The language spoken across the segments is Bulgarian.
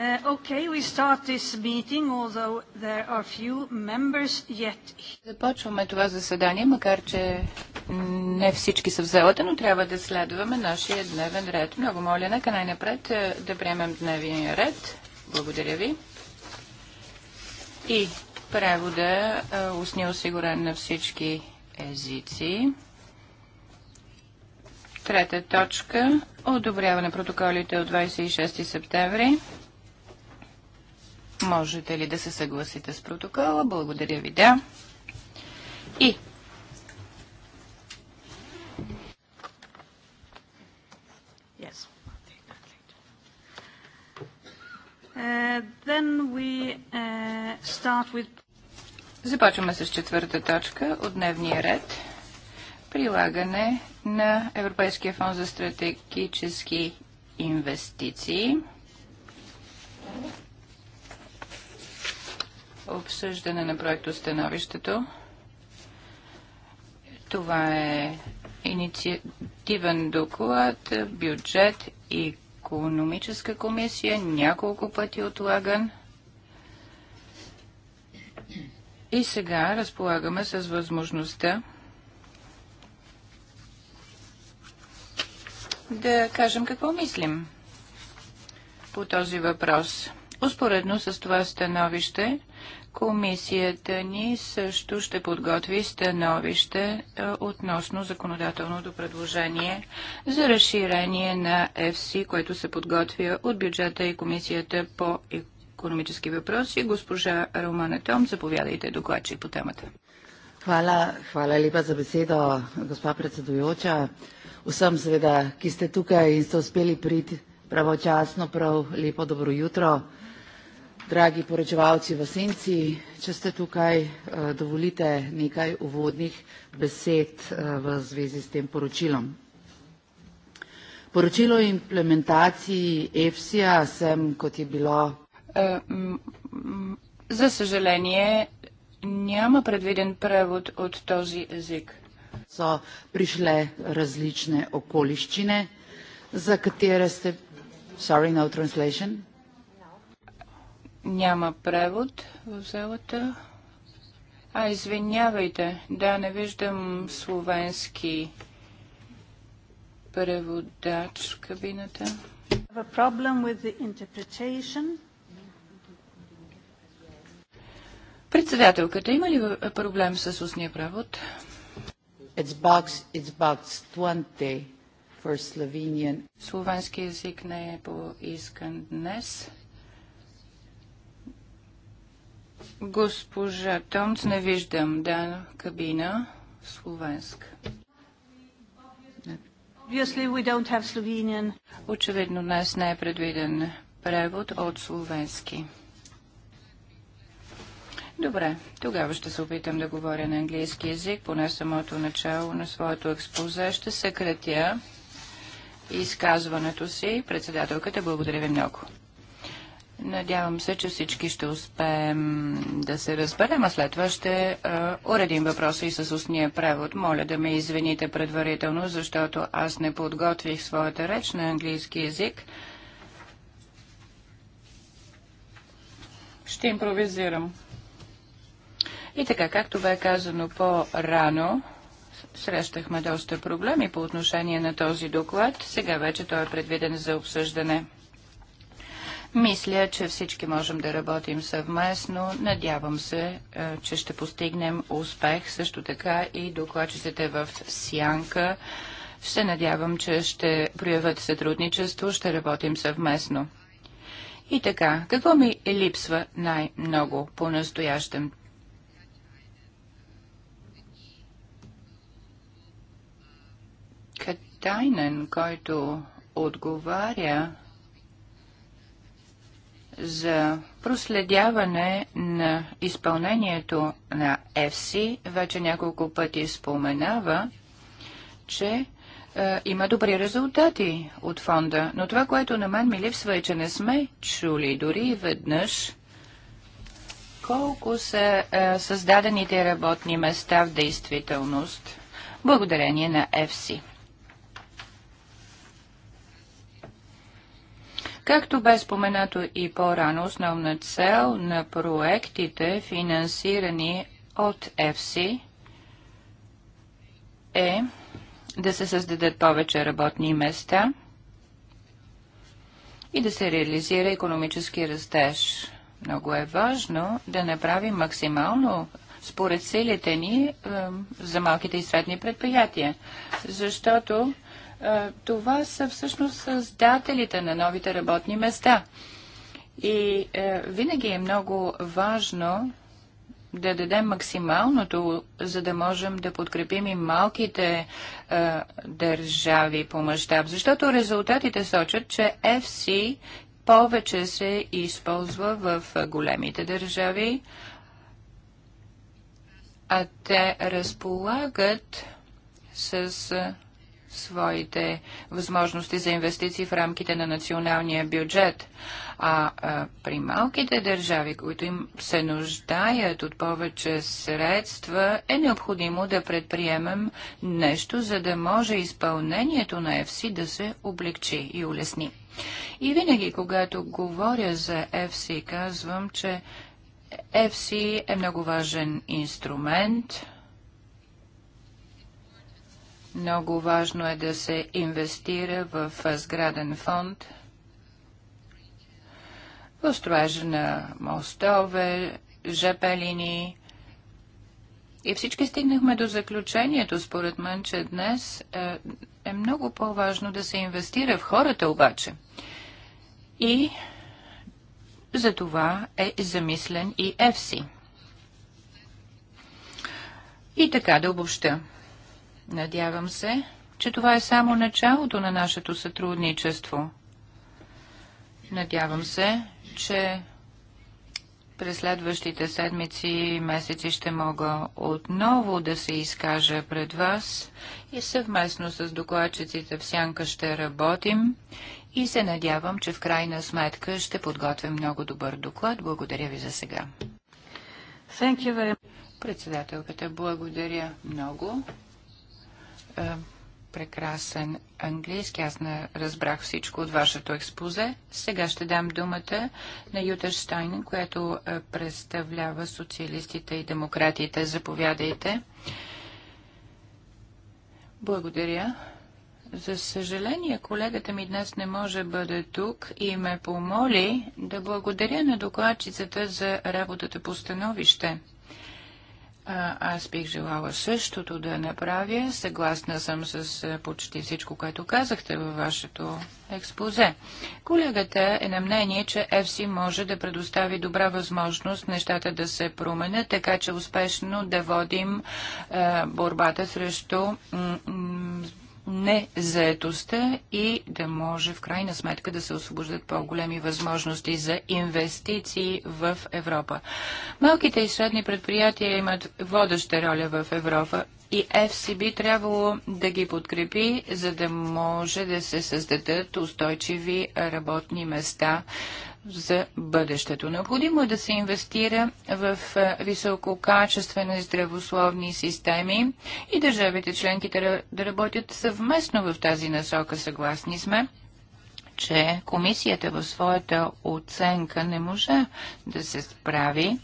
Uh, okay, we start this meeting, although there are few members yet. Започваме това заседание, макар че не всички са в залата, но трябва да следваме нашия дневен ред. Много моля, нека най-напред е, да приемем дневния ред. Благодаря ви. И превода е, усни осигурен на всички езици. Трета точка – одобряване протоколите от 26 септември. Можете ли да се съгласите с протокола? Благодаря ви, да. И Uh, then we uh, start with... Започваме с четвърта точка от дневния ред. Прилагане на Европейския фонд за стратегически инвестиции обсъждане на проекто становището. Това е инициативен доклад, бюджет и економическа комисия, няколко пъти отлаган. И сега разполагаме с възможността да кажем какво мислим по този въпрос. Успоредно с това становище Комисията ни също ще подготви становище е, относно законодателното предложение за разширение на ФСИ, което се подготвя от бюджета и Комисията по економически въпроси. Госпожа Романа Том, заповядайте докладчик по темата. Hvala, hvala lepa za besedo, gospa predsedujoča. Vsem seveda, ki ste tukaj in ste uspeli priti pravočasno, prav lepo dobro jutro dragi poročevalci v senci. Če ste tukaj, dovolite nekaj uvodnih besed v zvezi s tem poročilom. Poročilo o implementaciji EFSI-ja sem, kot je bilo. За съжаление, няма предвиден prevod od tozi jezik. So prišle različne okoliščine, za katere ste. Sorry, no translation. Няма превод в залата. А, извинявайте, да, не виждам словенски преводач в кабината. Председателката, има ли проблем с устния превод? It's box, it's box 20 for Slovenian. Словенски язик не е поискан днес. Госпожа Томц, не виждам. Да, кабина. Словенска. Очевидно днес не е предвиден превод от словенски. Добре, тогава ще се опитам да говоря на английски язик, поне самото начало на своето експозе. Ще съкратя изказването си. Председателката, благодаря ви много. Надявам се, че всички ще успеем да се разберем, а след това ще а, уредим въпроса и с устния превод. Моля да ме извините предварително, защото аз не подготвих своята реч на английски язик. Ще импровизирам. И така, както бе казано по-рано, срещахме доста проблеми по отношение на този доклад. Сега вече той е предвиден за обсъждане. Мисля, че всички можем да работим съвместно. Надявам се, е, че ще постигнем успех. Също така и докладчиците в Сянка. Ще надявам, че ще проявят сътрудничество, ще работим съвместно. И така, какво ми липсва най-много по-настоящем? Катайнен, който отговаря за проследяване на изпълнението на ЕФСИ вече няколко пъти споменава, че е, има добри резултати от фонда. Но това, което на мен ми липсва е, че не сме чули дори веднъж колко са е, създадените работни места в действителност благодарение на ЕФСИ. Както бе споменато и по-рано, основна цел на проектите, финансирани от ЕФСИ, е да се създадат повече работни места и да се реализира економически растеж. Много е важно да направим максимално според силите ни за малките и средни предприятия, защото е, това са всъщност създателите на новите работни места. И е, винаги е много важно да дадем максималното, за да можем да подкрепим и малките е, държави по мащаб. Защото резултатите сочат, че FC повече се използва в големите държави, а те разполагат с своите възможности за инвестиции в рамките на националния бюджет. А, а при малките държави, които им се нуждаят от повече средства, е необходимо да предприемем нещо, за да може изпълнението на ЕФСИ да се облегчи и улесни. И винаги, когато говоря за ЕФСИ, казвам, че ЕФСИ е много важен инструмент – много важно е да се инвестира в сграден фонд, в строежа на мостове, ЖП линии. И всички стигнахме до заключението, според мен, че днес е, е много по-важно да се инвестира в хората обаче. И за това е замислен и ЕФСИ. И така да обобща. Надявам се, че това е само началото на нашето сътрудничество. Надявам се, че през следващите седмици и месеци ще мога отново да се изкажа пред вас и съвместно с докладчиците в Сянка ще работим и се надявам, че в крайна сметка ще подготвим много добър доклад. Благодаря ви за сега. Председателката, благодаря много прекрасен английски. Аз не разбрах всичко от вашето експозе. Сега ще дам думата на Юта Штайн, която представлява социалистите и демократите. Заповядайте. Благодаря. За съжаление, колегата ми днес не може бъде тук и ме помоли да благодаря на докладчицата за работата по становище. Аз бих желала същото да направя. Съгласна съм с почти всичко, което казахте във вашето експозе. Колегата е на мнение, че FC може да предостави добра възможност нещата да се променят, така че успешно да водим е, борбата срещу незаетостта и да може в крайна сметка да се освобождат по-големи възможности за инвестиции в Европа. Малките и средни предприятия имат водеща роля в Европа и FCB трябвало да ги подкрепи, за да може да се създадат устойчиви работни места за бъдещето. Необходимо е да се инвестира в висококачествени здравословни системи и държавите членките да работят съвместно в тази насока. Съгласни сме, че комисията в своята оценка не може да се справи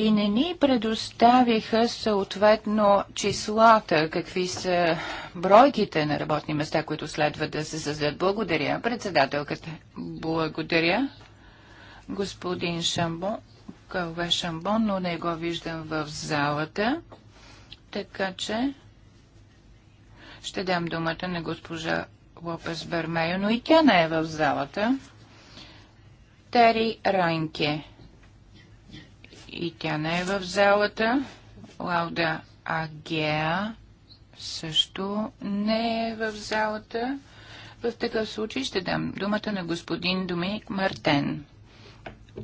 и не ни предоставиха съответно числата, какви са бройките на работни места, които следва да се създадат. Благодаря, председателката. Благодаря, господин Шамбон, Кълве Шамбон, но не го виждам в залата. Така че ще дам думата на госпожа Лопес Бермейо, но и тя не е в залата. Тери Ранке. И тя не е в залата. Лауда Агеа също не е в залата. В такъв случай ще дам думата на господин Доминик Мартен.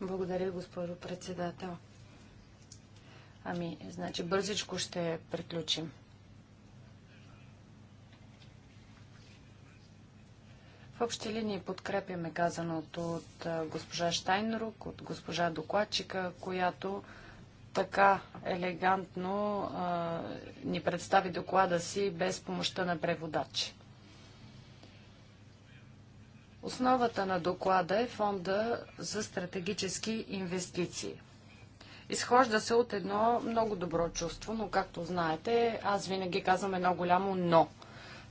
Благодаря, госпожо председател. Ами, значи бързичко ще приключим. В общи линии подкрепяме казаното от госпожа Штайнрук, от госпожа докладчика, която така елегантно а, ни представи доклада си без помощта на преводачи. Основата на доклада е фонда за стратегически инвестиции. Изхожда се от едно много добро чувство, но както знаете, аз винаги казвам едно голямо но –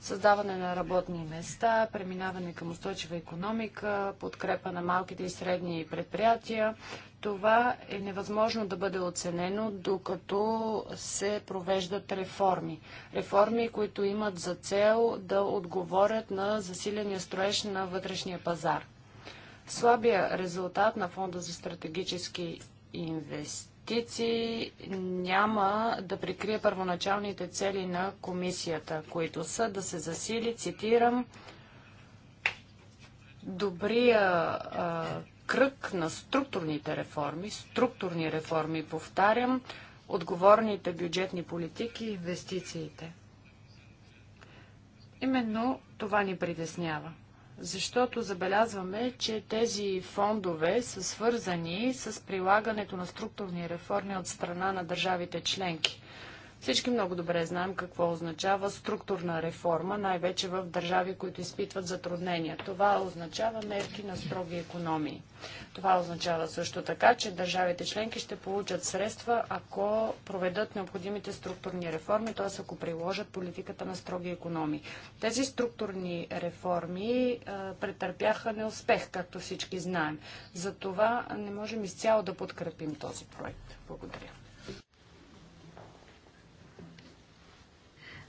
създаване на работни места, преминаване към устойчива економика, подкрепа на малките и средни предприятия. Това е невъзможно да бъде оценено, докато се провеждат реформи. Реформи, които имат за цел да отговорят на засиления строеж на вътрешния пазар. Слабия резултат на Фонда за стратегически инвестиции инвестиции няма да прикрие първоначалните цели на комисията, които са да се засили, цитирам, добрия а, кръг на структурните реформи, структурни реформи, повтарям, отговорните бюджетни политики и инвестициите. Именно това ни притеснява защото забелязваме, че тези фондове са свързани с прилагането на структурни реформи от страна на държавите членки. Всички много добре знаем какво означава структурна реформа, най-вече в държави, които изпитват затруднения. Това означава мерки на строги економии. Това означава също така, че държавите членки ще получат средства, ако проведат необходимите структурни реформи, т.е. ако приложат политиката на строги економии. Тези структурни реформи а, претърпяха неуспех, както всички знаем. Затова не можем изцяло да подкрепим този проект. Благодаря.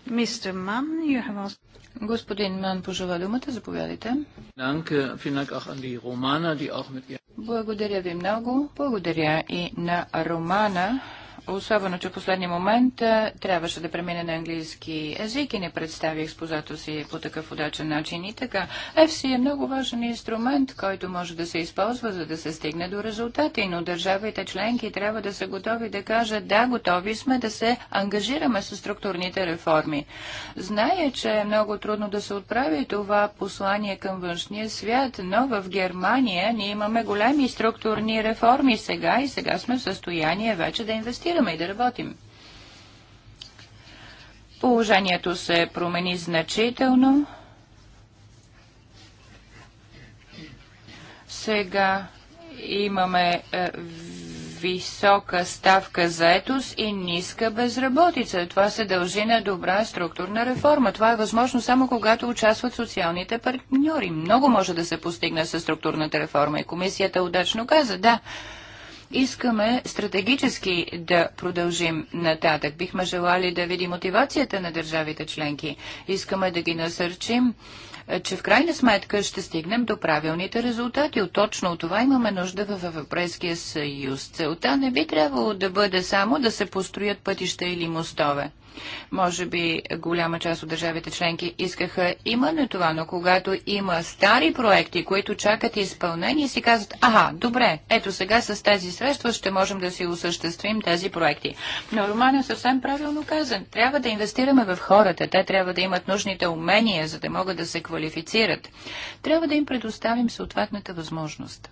Мистер Ман, you have also... Господин Ман пожела думата, заповядайте. Благодаря ви много. Благодаря и на Романа Особено, че в последния момент трябваше да премине на английски език и не представи експозато си по такъв удачен начин. И така, FC е много важен инструмент, който може да се използва, за да се стигне до резултати, но държавите членки трябва да са готови да кажат да, готови сме да се ангажираме с структурните реформи. Зная, че е много трудно да се отправи това послание към външния свят, но в Германия ние имаме големи структурни реформи сега и сега сме в състояние вече да инвестираме дискутираме и да работим. Положението се промени значително. Сега имаме е, висока ставка заетост и ниска безработица. Това се дължи на добра структурна реформа. Това е възможно само когато участват социалните партньори. Много може да се постигне с структурната реформа и комисията удачно каза, да, искаме стратегически да продължим нататък. Бихме желали да видим мотивацията на държавите членки. Искаме да ги насърчим е, че в крайна сметка ще стигнем до правилните резултати. От точно от това имаме нужда в Европейския съюз. Целта не би трябвало да бъде само да се построят пътища или мостове. Може би голяма част от държавите членки искаха именно това, но когато има стари проекти, които чакат изпълнение, си казват, ага, добре, ето сега с тези средства ще можем да си осъществим тези проекти. Но Роман е съвсем правилно казан. Трябва да инвестираме в хората. Те трябва да имат нужните умения, за да могат да се квалифицират. Трябва да им предоставим съответната възможност.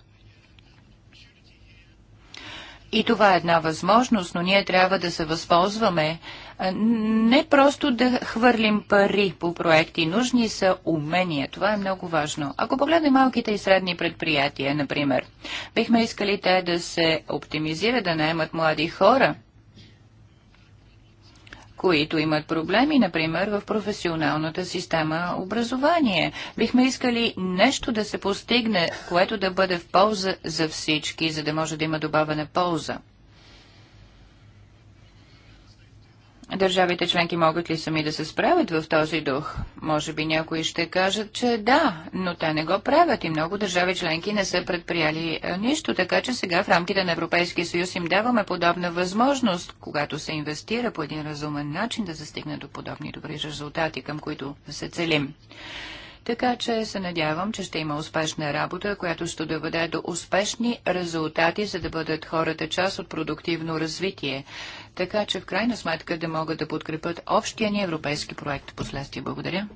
И това е една възможност, но ние трябва да се възползваме. Не просто да хвърлим пари по проекти, нужни са умения. Това е много важно. Ако погледнем малките и средни предприятия, например, бихме искали те да се оптимизират, да наемат млади хора – които имат проблеми, например, в професионалната система образование. Бихме искали нещо да се постигне, което да бъде в полза за всички, за да може да има добавена полза. Държавите членки могат ли сами да се справят в този дух? Може би някои ще кажат, че да, но те не го правят и много държави членки не са предприяли е, нищо, така че сега в рамките на Европейския съюз им даваме подобна възможност, когато се инвестира по един разумен начин да се стигне до подобни добри резултати, към които се целим. Така че се надявам, че ще има успешна работа, която ще доведе до успешни резултати, за да бъдат хората част от продуктивно развитие така че в крайна сметка да могат да подкрепят общия ни европейски проект последствие. Благодаря.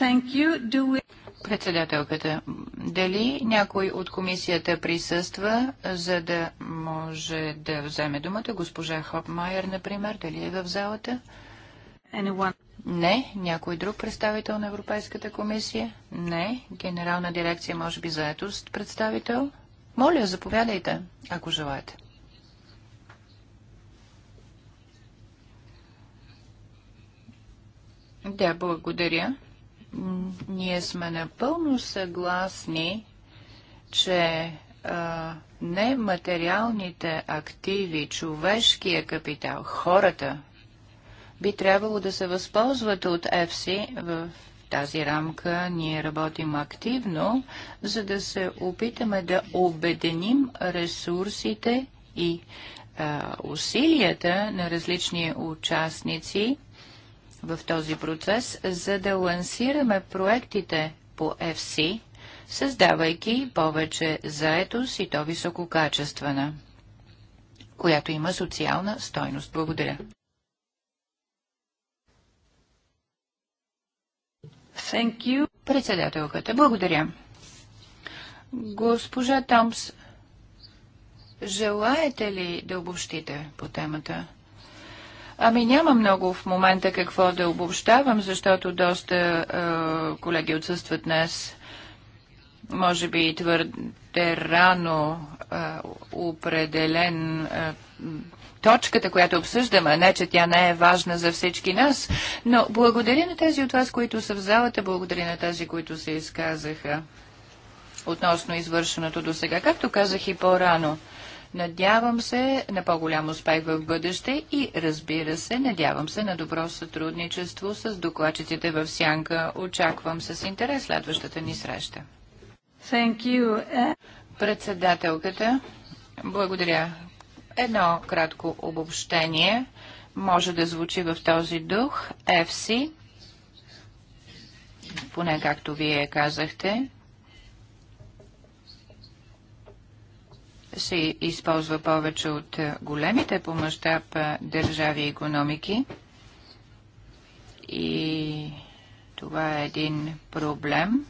We... Председателката, дали някой от комисията присъства, за да може да вземе думата? Госпожа Хопмайер, например, дали е в залата? Anyone? Не. Някой друг представител на Европейската комисия? Не. Генерална дирекция, може би, заетост представител? Моля, заповядайте, ако желаете. Да, благодаря. Ние сме напълно съгласни, че а, не материалните активи, човешкия капитал, хората би трябвало да се възползват от ЕФСИ в тази рамка ние работим активно, за да се опитаме да обеденим ресурсите и а, усилията на различни участници в този процес, за да лансираме проектите по FC, създавайки повече заетост и то висококачествена, която има социална стойност. Благодаря. Thank you. Председателката, благодаря. Госпожа Томс, желаете ли да обобщите по темата? Ами няма много в момента какво да обобщавам, защото доста е, колеги отсъстват днес. Може би твърде рано е, определен е, точката, която обсъждаме, не че тя не е важна за всички нас, но благодаря на тези от вас, които са в залата, благодаря на тези, които се изказаха относно извършеното до сега. Както казах и по-рано, Надявам се на по-голям успех в бъдеще и разбира се, надявам се на добро сътрудничество с докладчиците в Сянка. Очаквам с интерес следващата ни среща. Thank you. Председателката, благодаря. Едно кратко обобщение може да звучи в този дух. FC, поне както вие казахте, се използва повече от е, големите по мащаб е, държави и економики. И това е един проблем,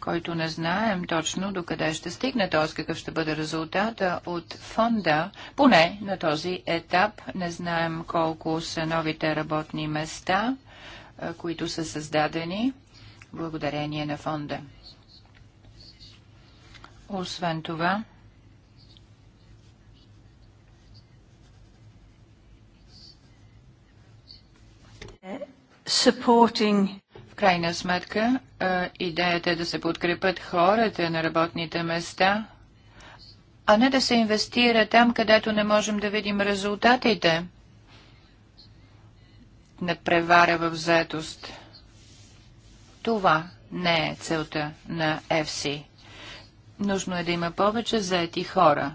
който не знаем точно до къде ще стигне, т.е. какъв ще бъде резултата от фонда. Поне на този етап не знаем колко са новите работни места, е, които са създадени благодарение на фонда. Освен това, supporting крайна сметка идеята е да се подкрепят хората на работните места, а не да се инвестира там, където не можем да видим резултатите на превара в заетост. Това не е целта на ФСИ. Нужно е да има повече заети хора.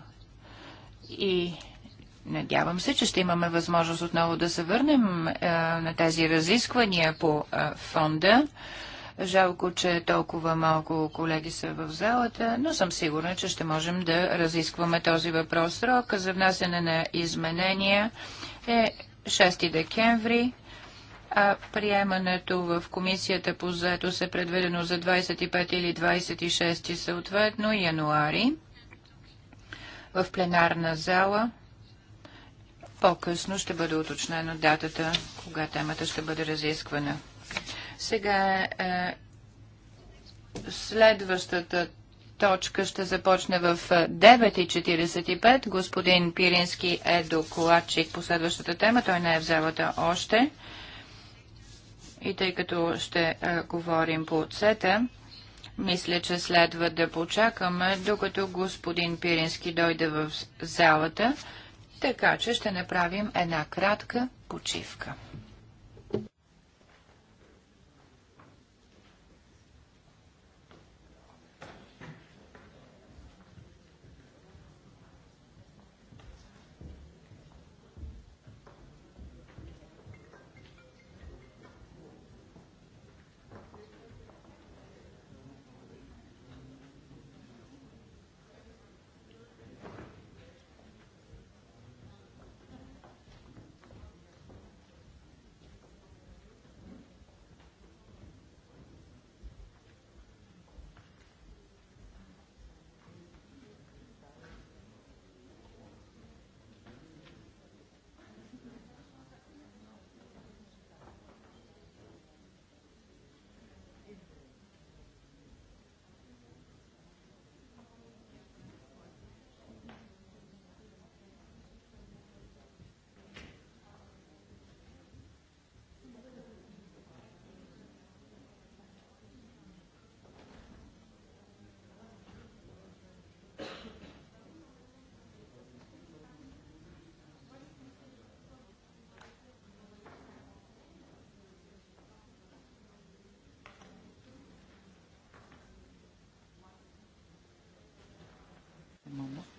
И Надявам се, че ще имаме възможност отново да се върнем е, на тези разисквания по е, фонда. Жалко, че толкова малко колеги са в залата, но съм сигурна, че ще можем да разискваме този въпрос. Срока за внасяне на изменения е 6 декември а приемането в комисията по заето се предведено за 25 или 26 съответно януари в пленарна зала. По-късно ще бъде уточнена датата, кога темата ще бъде разисквана. Сега е, следващата точка ще започне в 9.45. Господин Пирински е докладчик по следващата тема. Той не е в залата още. И тъй като ще е, говорим по оцета, мисля, че следва да почакаме, докато господин Пирински дойде в залата, така че ще направим една кратка почивка.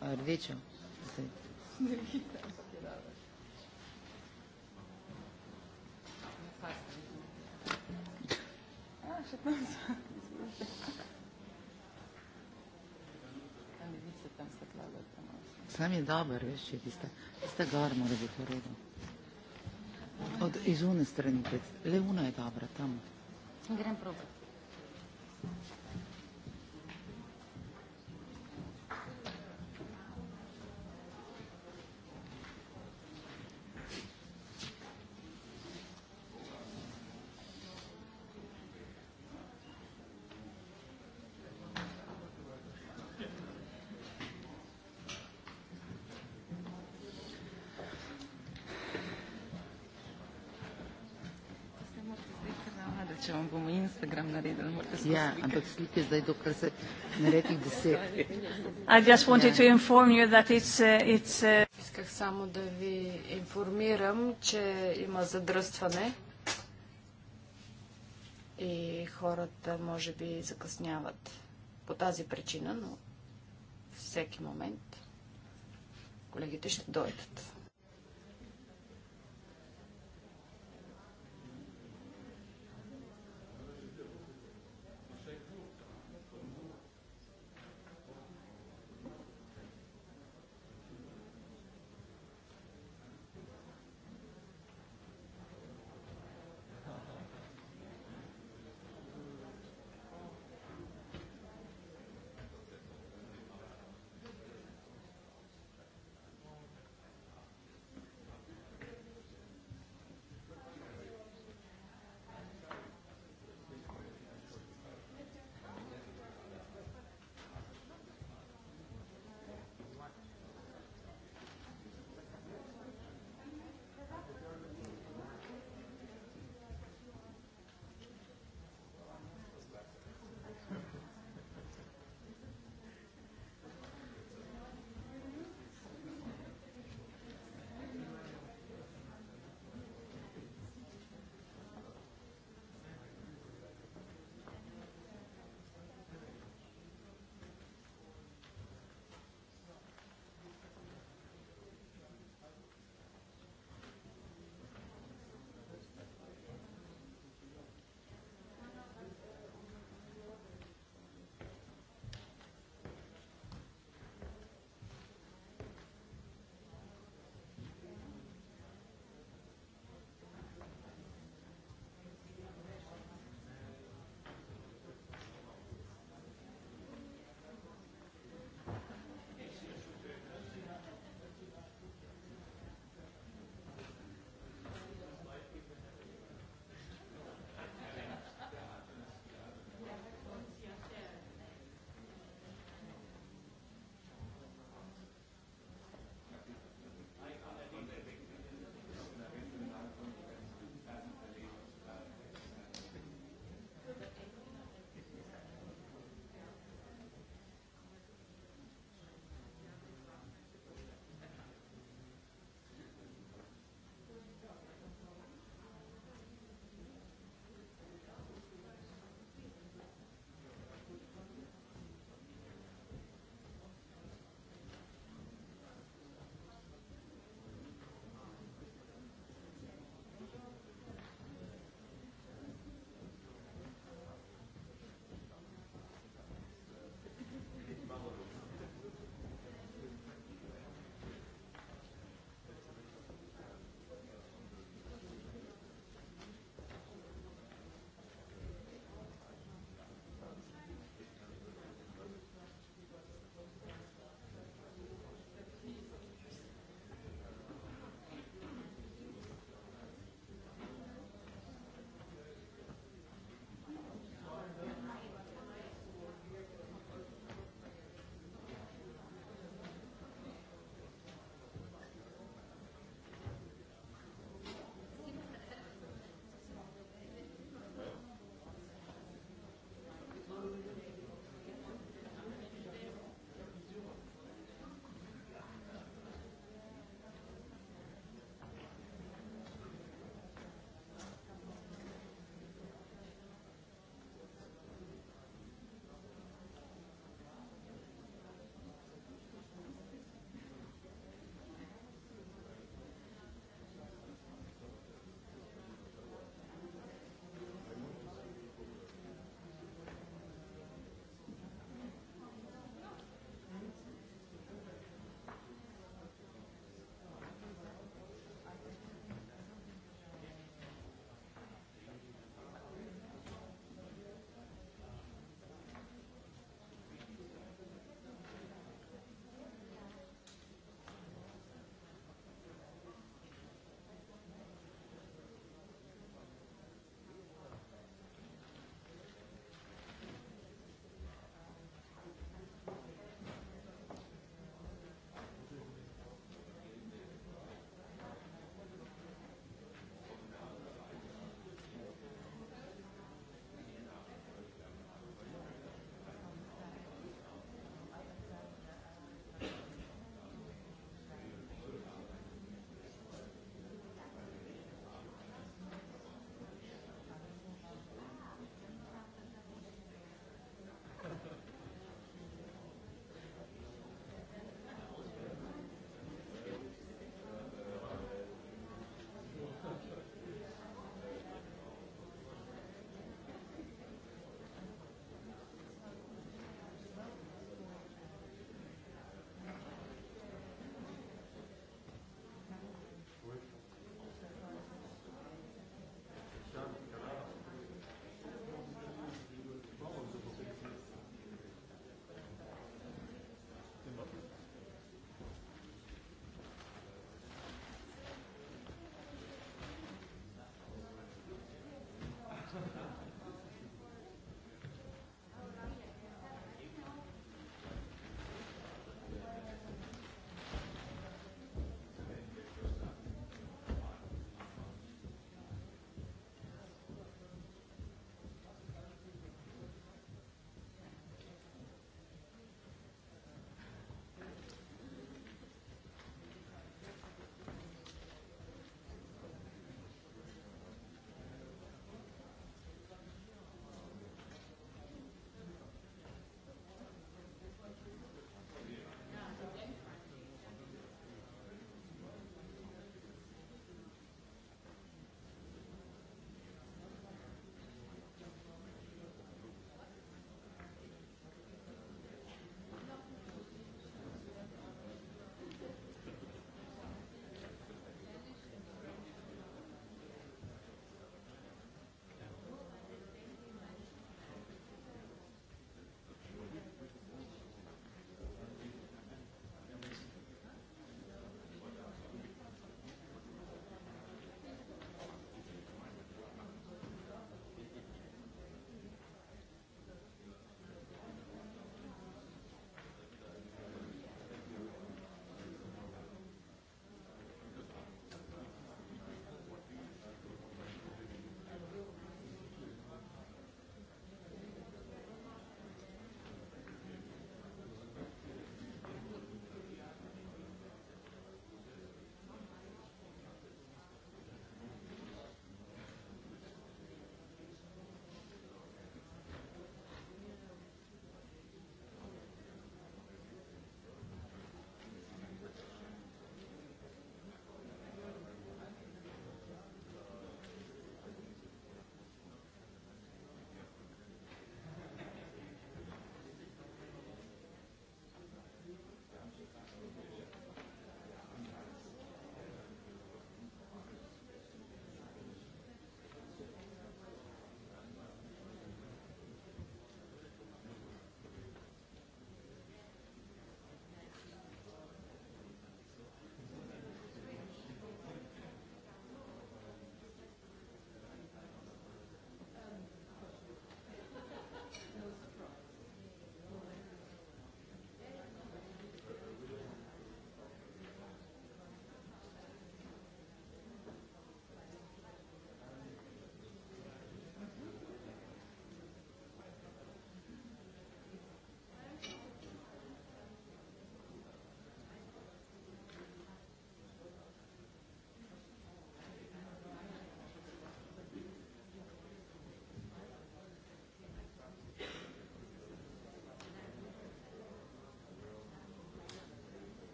haber Sam je dobar, veš, če tista, tista gor mora biti Od, strani, le una je dobra, Grem probati. ja, ampak slike zdaj, dokler se ne deset. I just wanted to inform you that it's, uh, it's, uh... Исках само да ви информирам, че има задръстване и хората може би закъсняват по тази причина, но всеки момент колегите ще дойдат.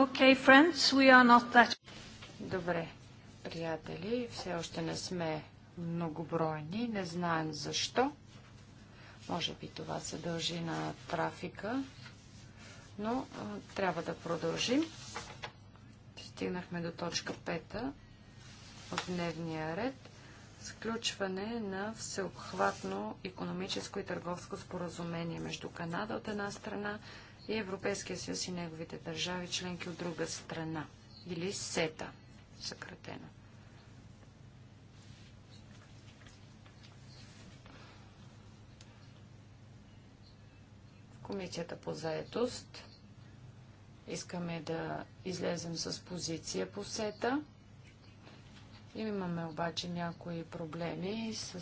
Okay, friends, we are not that... Добре, приятели, все още не сме многобройни, не знаем защо. Може би това се дължи на трафика, но а, трябва да продължим. Стигнахме до точка 5 от дневния ред. Сключване на всеобхватно економическо и търговско споразумение между Канада от една страна и Европейския съюз и неговите държави членки от друга страна, или СЕТА, съкратено. В Комисията по заетост искаме да излезем с позиция по СЕТА. Имаме обаче някои проблеми с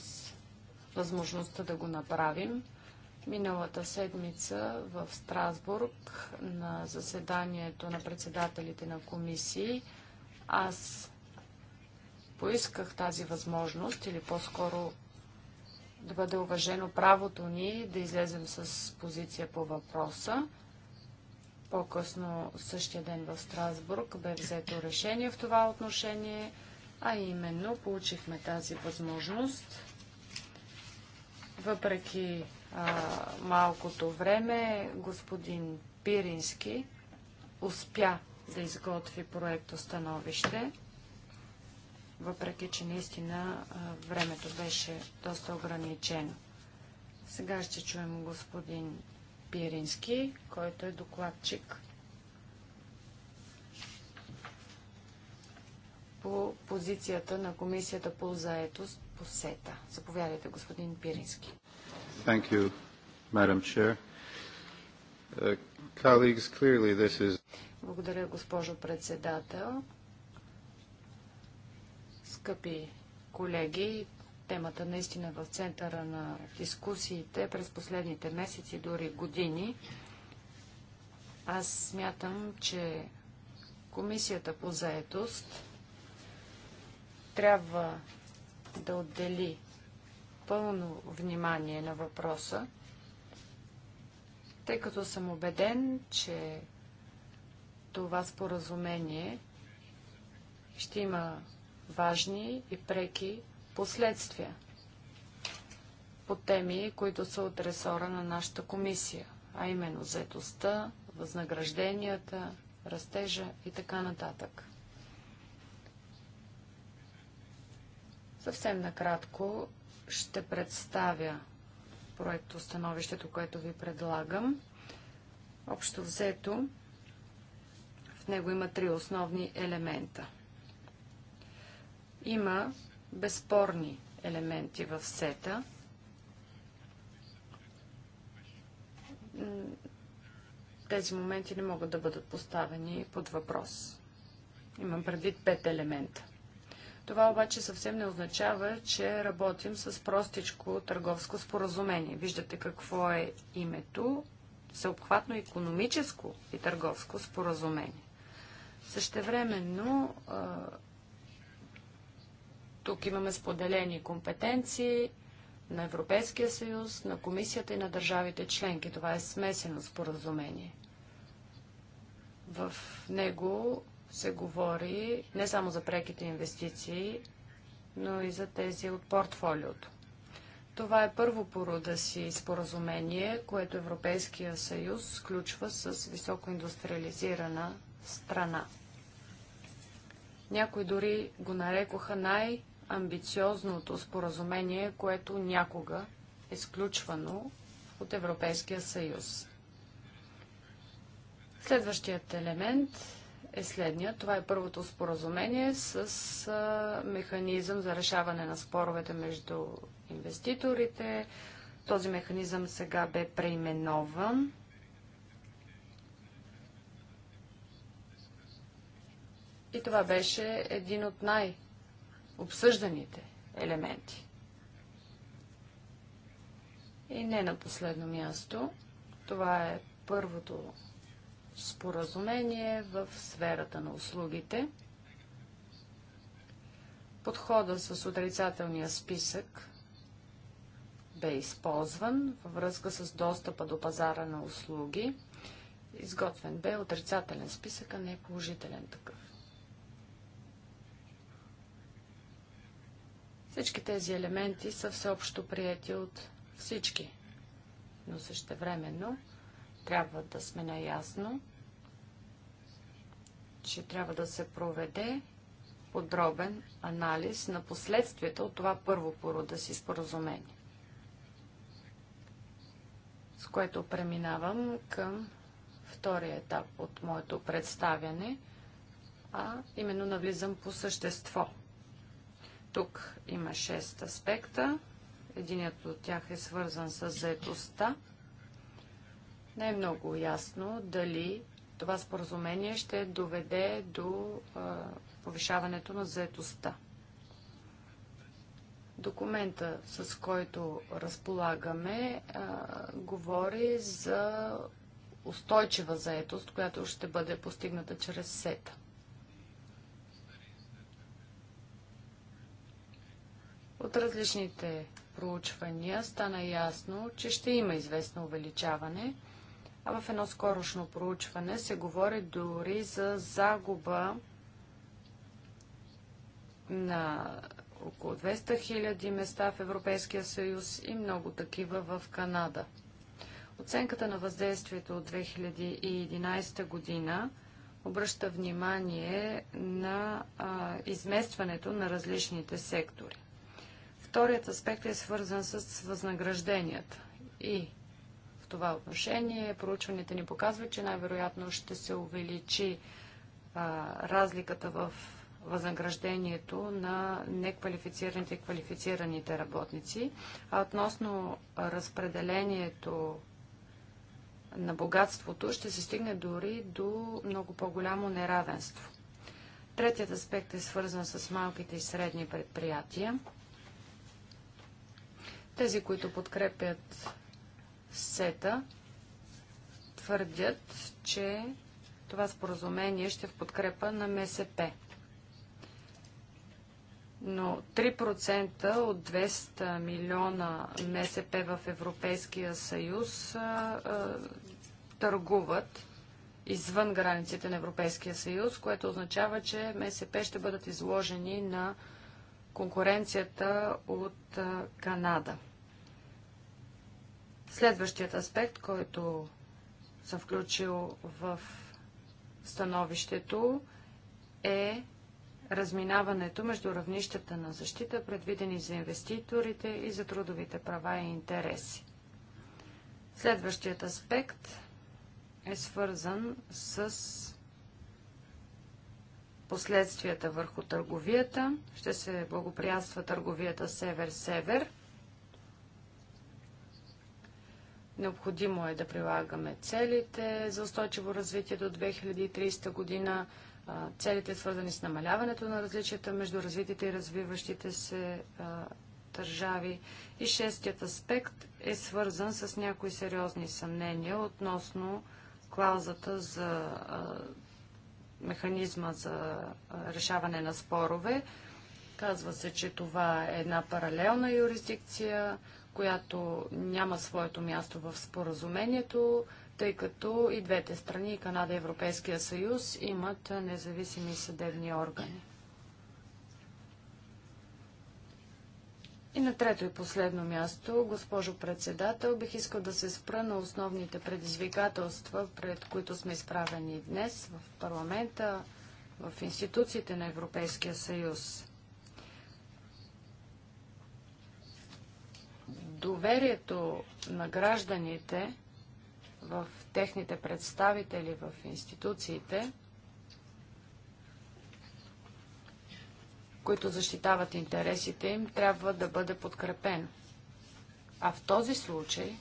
възможността да го направим. Миналата седмица в Страсбург на заседанието на председателите на комисии аз поисках тази възможност или по-скоро да бъде уважено правото ни да излезем с позиция по въпроса. По-късно същия ден в Страсбург бе взето решение в това отношение, а именно получихме тази възможност. Въпреки а, малкото време господин Пирински успя да изготви проекто становище, въпреки че наистина а, времето беше доста ограничено. Сега ще чуем господин Пирински, който е докладчик по позицията на Комисията по заетост по СЕТА. Заповядайте, господин Пирински. Thank you, Madam Chair. Uh, colleagues, clearly this is... Благодаря, госпожо председател. Скъпи колеги, темата наистина е в центъра на дискусиите през последните месеци, дори години. Аз смятам, че Комисията по заетост трябва да отдели пълно внимание на въпроса, тъй като съм убеден, че това споразумение ще има важни и преки последствия по теми, които са от ресора на нашата комисия, а именно заедостта, възнагражденията, растежа и така нататък. Съвсем накратко ще представя проекто становището, което ви предлагам. Общо взето, в него има три основни елемента. Има безспорни елементи в сета. Тези моменти не могат да бъдат поставени под въпрос. Имам предвид пет елемента. Това обаче съвсем не означава, че работим с простичко търговско споразумение. Виждате какво е името съобхватно економическо и търговско споразумение. Същевременно тук имаме споделени компетенции на Европейския съюз, на комисията и на държавите членки. Това е смесено споразумение. В него се говори не само за преките инвестиции, но и за тези от портфолиото. Това е първо по рода си споразумение, което Европейския съюз сключва с високоиндустриализирана страна. Някои дори го нарекоха най-амбициозното споразумение, което някога е сключвано от Европейския съюз. Следващият елемент е следния. Това е първото споразумение с а, механизъм за решаване на споровете между инвеститорите. Този механизъм сега бе преименован. И това беше един от най-обсъжданите елементи. И не на последно място, това е първото споразумение в сферата на услугите. Подхода с отрицателния списък бе използван във връзка с достъпа до пазара на услуги. Изготвен бе отрицателен списък, а не положителен такъв. Всички тези елементи са всеобщо прияти от всички, но същевременно трябва да сме наясно, че трябва да се проведе подробен анализ на последствията от това първо порода си споразумение. С което преминавам към втория етап от моето представяне, а именно навлизам по същество. Тук има 6 аспекта. Единият от тях е свързан с заетостта. Не е много ясно дали това споразумение ще доведе до а, повишаването на заетостта. Документа, с който разполагаме, а, говори за устойчива заетост, която ще бъде постигната чрез сета. От различните проучвания стана ясно, че ще има известно увеличаване – а в едно скорошно проучване се говори дори за загуба на около 200 000 места в Европейския съюз и много такива в Канада. Оценката на въздействието от 2011 година обръща внимание на а, изместването на различните сектори. Вторият аспект е свързан с възнагражденията. И това отношение. Проучването ни показва, че най-вероятно ще се увеличи а, разликата в възнаграждението на неквалифицираните и квалифицираните работници. А относно разпределението на богатството, ще се стигне дори до много по-голямо неравенство. Третият аспект е свързан с малките и средни предприятия. Тези, които подкрепят СЕТА твърдят, че това споразумение ще е в подкрепа на МСП. Но 3% от 200 милиона МСП в Европейския съюз а, а, търгуват извън границите на Европейския съюз, което означава, че МСП ще бъдат изложени на конкуренцията от а, Канада. Следващият аспект, който съм включил в становището е разминаването между равнищата на защита, предвидени за инвеститорите и за трудовите права и интереси. Следващият аспект е свързан с последствията върху търговията. Ще се благоприятства търговията север-север – Необходимо е да прилагаме целите за устойчиво развитие до 2030 година, целите свързани с намаляването на различията между развитите и развиващите се държави. И шестият аспект е свързан с някои сериозни съмнения относно клаузата за механизма за решаване на спорове. Казва се, че това е една паралелна юрисдикция, която няма своето място в споразумението, тъй като и двете страни, Канада и Европейския съюз, имат независими съдебни органи. И на трето и последно място, госпожо председател, бих искал да се спра на основните предизвикателства, пред които сме изправени днес в парламента, в институциите на Европейския съюз. доверието на гражданите в техните представители в институциите, които защитават интересите им, трябва да бъде подкрепен. А в този случай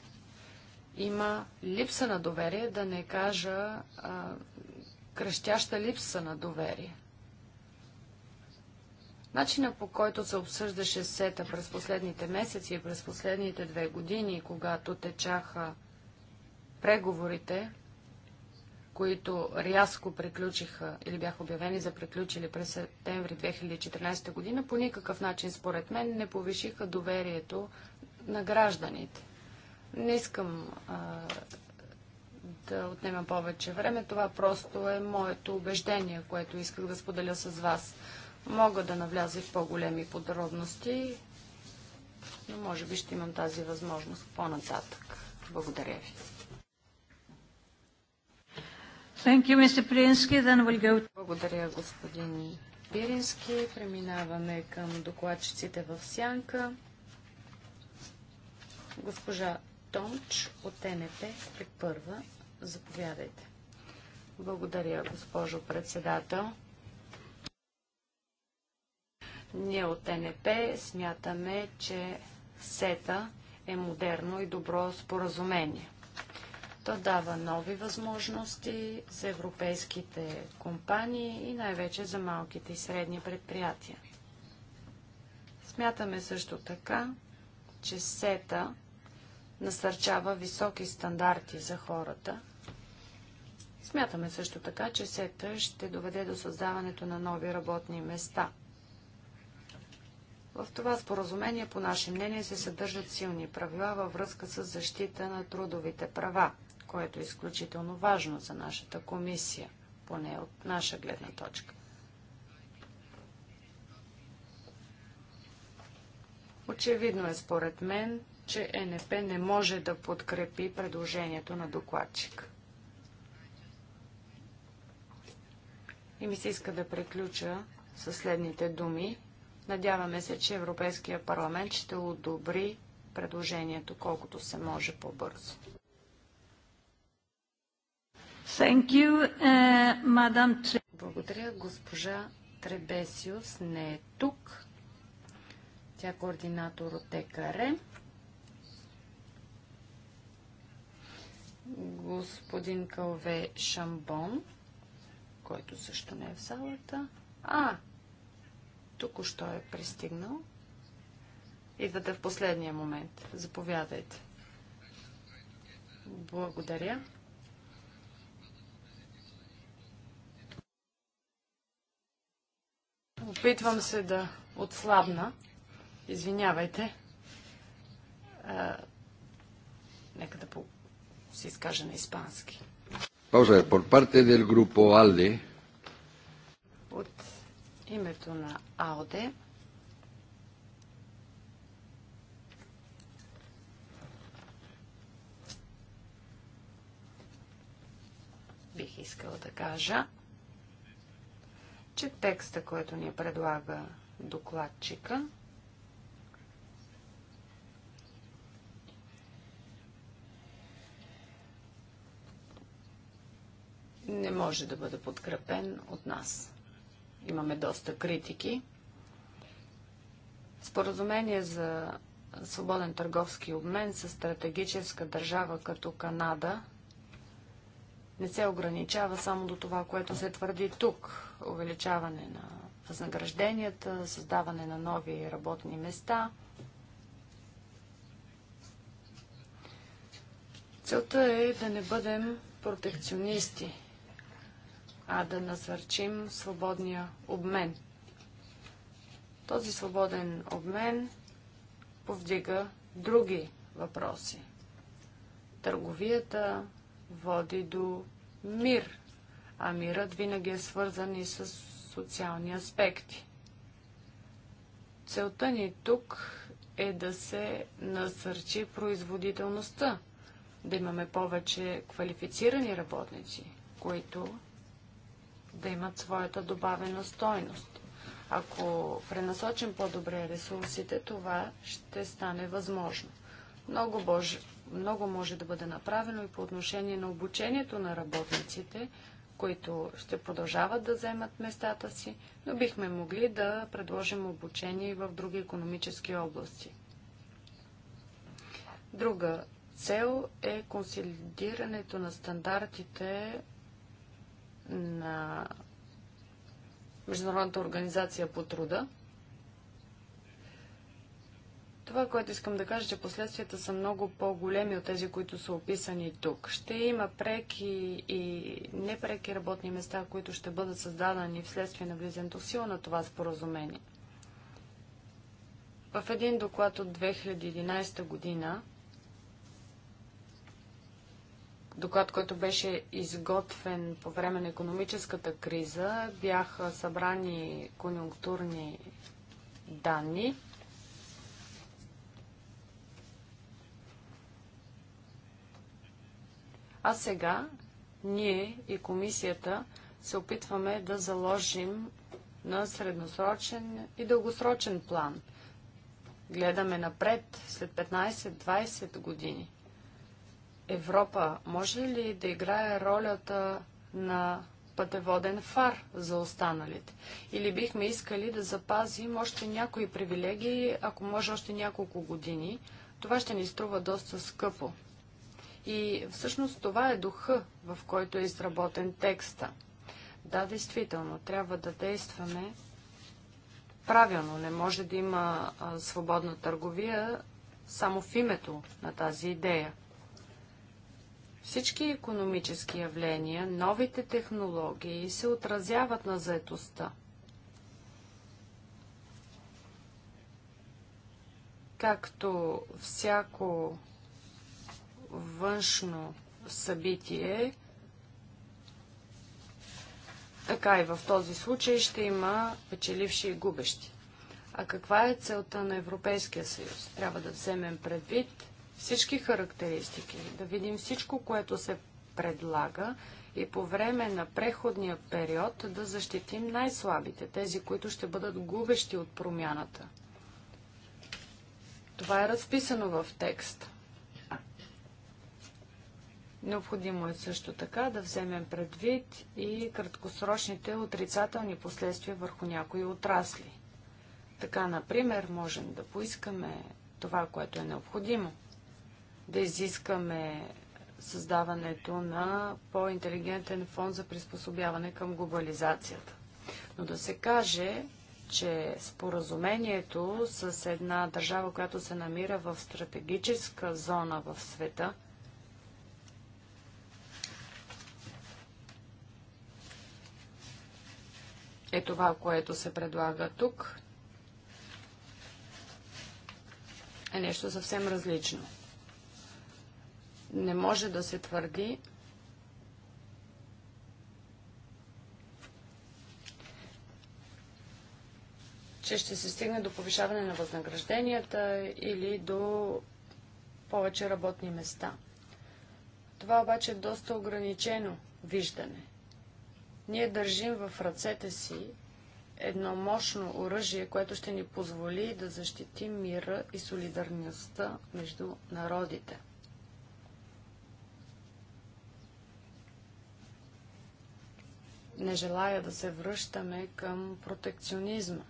има липса на доверие, да не кажа а, кръщяща липса на доверие – Начина по който се обсъждаше сета през последните месеци и през последните две години, когато течаха преговорите, които рязко приключиха или бяха обявени за приключили през септември 2014 година, по никакъв начин, според мен, не повишиха доверието на гражданите. Не искам а, да отнема повече време. Това просто е моето убеждение, което исках да споделя с вас. Мога да навляза в по-големи подробности, но може би ще имам тази възможност по-нататък. Благодаря ви. Благодаря, господин Пирински. Преминаваме към докладчиците в сянка. Госпожа Тонч от ТНП е първа. Заповядайте. Благодаря, госпожо председател. Ние от НП смятаме, че СЕТА е модерно и добро споразумение. То дава нови възможности за европейските компании и най-вече за малките и средни предприятия. Смятаме също така, че СЕТА насърчава високи стандарти за хората. Смятаме също така, че СЕТА ще доведе до създаването на нови работни места – в това споразумение, по наше мнение, се съдържат силни правила във връзка с защита на трудовите права, което е изключително важно за нашата комисия, поне от наша гледна точка. Очевидно е според мен, че НП не може да подкрепи предложението на докладчик. И ми се иска да приключа със следните думи. Надяваме се, че Европейския парламент ще одобри предложението колкото се може по-бързо. Uh, Благодаря. Госпожа Требесиус не е тук. Тя е координатор от ЕКАРЕ. Господин Калве Шамбон, който също не е в залата. А, Току-що е пристигнал. Идвате в последния момент. Заповядайте. Благодаря. Опитвам се да отслабна. Извинявайте. А, нека да по... се изкажа на испански. е. por parte del grupo ALDE. От името на АОДЕ. Бих искала да кажа, че текста, който ни предлага докладчика, не може да бъде подкрепен от нас имаме доста критики. Споразумение за свободен търговски обмен с стратегическа държава като Канада не се ограничава само до това, което се твърди тук. Увеличаване на възнагражденията, създаване на нови работни места. Целта е да не бъдем протекционисти а да насърчим свободния обмен. Този свободен обмен повдига други въпроси. Търговията води до мир, а мирът винаги е свързан и с социални аспекти. Целта ни тук е да се насърчи производителността, да имаме повече квалифицирани работници, които да имат своята добавена стойност. Ако пренасочим по-добре ресурсите, това ще стане възможно. Много, боже, много може да бъде направено и по отношение на обучението на работниците, които ще продължават да вземат местата си, но бихме могли да предложим обучение и в други економически области. Друга цел е консолидирането на стандартите на Международната организация по труда. Това, което искам да кажа, е, че последствията са много по-големи от тези, които са описани тук. Ще има преки и непреки работни места, които ще бъдат създадени вследствие на влизането в сила на това споразумение. В един доклад от 2011 година доклад, който беше изготвен по време на економическата криза, бяха събрани конюнктурни данни. А сега ние и комисията се опитваме да заложим на средносрочен и дългосрочен план. Гледаме напред след 15-20 години. Европа може ли да играе ролята на пътеводен фар за останалите? Или бихме искали да запазим още някои привилегии, ако може още няколко години? Това ще ни струва доста скъпо. И всъщност това е духа, в който е изработен текста. Да, действително, трябва да действаме правилно. Не може да има свободна търговия само в името на тази идея. Всички економически явления, новите технологии се отразяват на заетостта. Както всяко външно събитие, така и в този случай ще има печеливши и губещи. А каква е целта на Европейския съюз? Трябва да вземем предвид всички характеристики, да видим всичко, което се предлага и по време на преходния период да защитим най-слабите, тези, които ще бъдат губещи от промяната. Това е разписано в текст. Необходимо е също така да вземем предвид и краткосрочните отрицателни последствия върху някои отрасли. Така, например, можем да поискаме това, което е необходимо – да изискаме създаването на по-интелигентен фонд за приспособяване към глобализацията. Но да се каже, че споразумението с една държава, която се намира в стратегическа зона в света, е това, което се предлага тук, е нещо съвсем различно. Не може да се твърди, че ще се стигне до повишаване на възнагражденията или до повече работни места. Това обаче е доста ограничено виждане. Ние държим в ръцете си едно мощно оръжие, което ще ни позволи да защитим мира и солидарността между народите. не желая да се връщаме към протекционизма.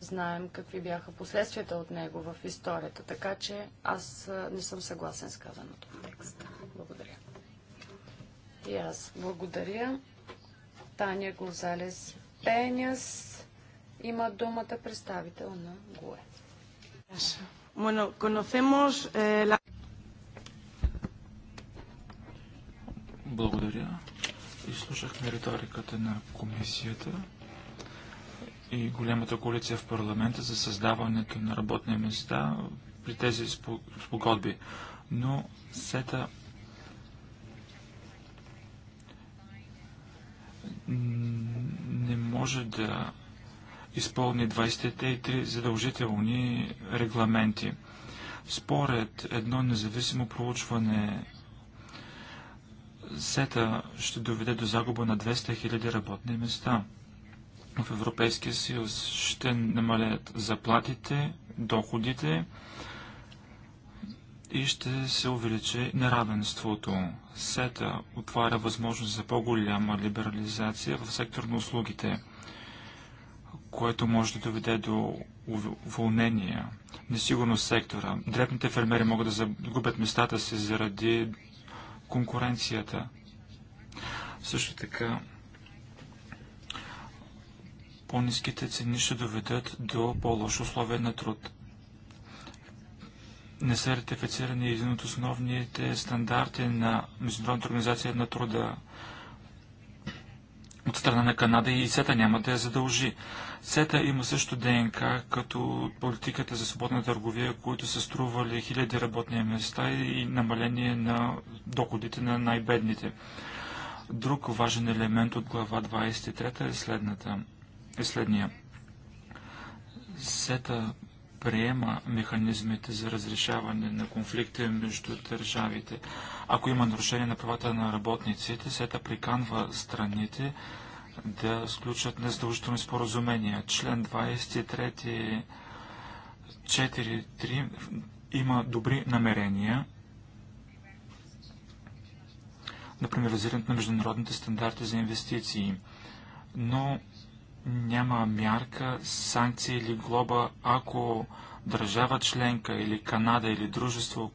Знаем какви бяха последствията от него в историята, така че аз не съм съгласен с казаното в текста. Благодаря. И аз благодаря. Таня Гонзалес Пеняс има думата представител на ГУЕ. Eh, благодаря. Изслушахме риториката на комисията и голямата коалиция в парламента за създаването на работни места при тези спогодби. Но сета не може да изпълни 23 задължителни регламенти. Според едно независимо проучване сета ще доведе до загуба на 200 000 работни места. В Европейския съюз ще намалят заплатите, доходите и ще се увеличи неравенството. СЕТА отваря възможност за по-голяма либерализация в сектор на услугите, което може да доведе до уволнения, несигурност сектора. Дребните фермери могат да загубят местата си заради конкуренцията. Също така, по-низките цени ще доведат до по-лошо условие на труд. Не са ратифицирани един от основните стандарти на Международната организация на труда от страна на Канада и ИСЕТА няма да я задължи. Сета има също ДНК, като политиката за свободна търговия, които са стрували хиляди работни места и намаление на доходите на най-бедните. Друг важен елемент от глава 23 е, следната, е следния. Сета приема механизмите за разрешаване на конфликти между държавите. Ако има нарушение на правата на работниците, СЕТА приканва страните да сключат нездължителни споразумения. Член 23 4.3 има добри намерения. Например, визирането на международните стандарти за инвестиции. Но няма мярка, санкции или глоба, ако държава членка или Канада или дружество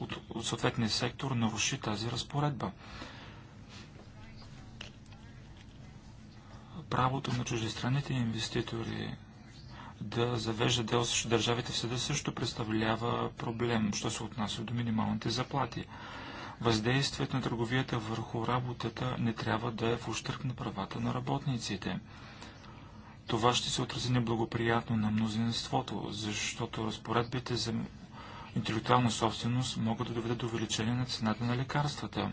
от, от съответния сектор наруши тази разпоредба. Правото на чуждестранните инвеститори да завежда дел срещу държавите в съда също представлява проблем, що се отнася до минималните заплати. Въздействието на търговията върху работата не трябва да е в ущърп на правата на работниците. Това ще се отрази неблагоприятно на мнозинството, защото разпоредбите за интелектуална собственост могат да доведат до увеличение на цената на лекарствата.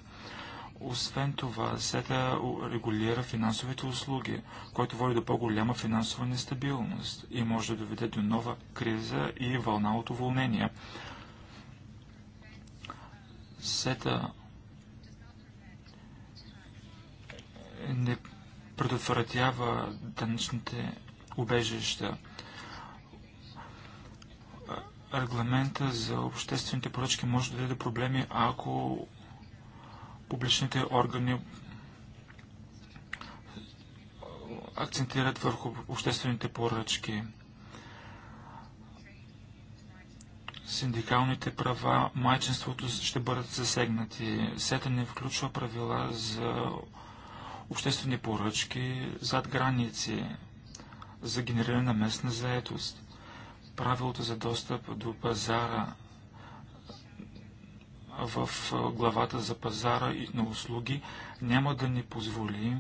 Освен това, СЕТА регулира финансовите услуги, който води до по-голяма финансова нестабилност и може да доведе до нова криза и вълна от уволнения. СЕТА не предотвратява данъчните убежища. Регламента за обществените поръчки може да даде проблеми, ако публичните органи акцентират върху обществените поръчки. Синдикалните права, майчинството ще бъдат засегнати. Сета не включва правила за обществени поръчки зад граници, за генериране на местна заетост. Правилото за достъп до пазара в главата за пазара и на услуги няма да ни позволи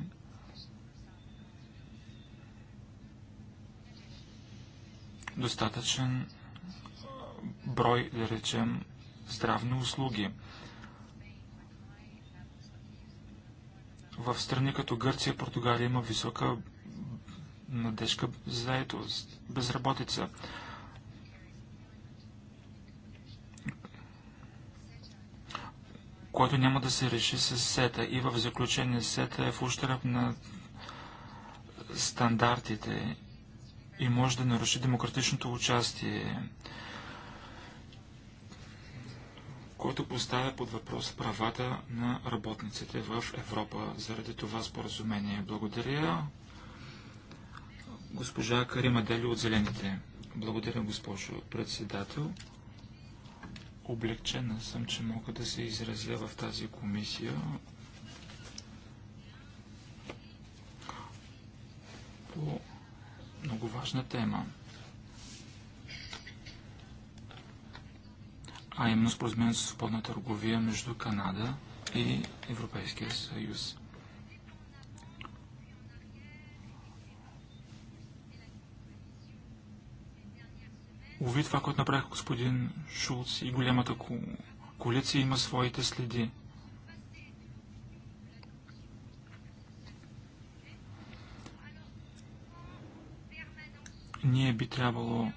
достатъчен брой, да речем, здравни услуги. В страни като Гърция и Португалия има висока младежка заетост, безработица. Който няма да се реши с сета. И в заключение сета е в ущърб на стандартите и може да наруши демократичното участие, което поставя под въпрос правата на работниците в Европа заради това споразумение. Благодаря госпожа Карима Дели от Зелените. Благодаря, госпожо председател. Облегчена съм, че мога да се изразя в тази комисия. По много важна тема. А именно споразумението за свободна търговия между Канада и Европейския съюз. Ови това, което направих господин Шулц и голямата ко... коалиция има своите следи. Ние би трябвало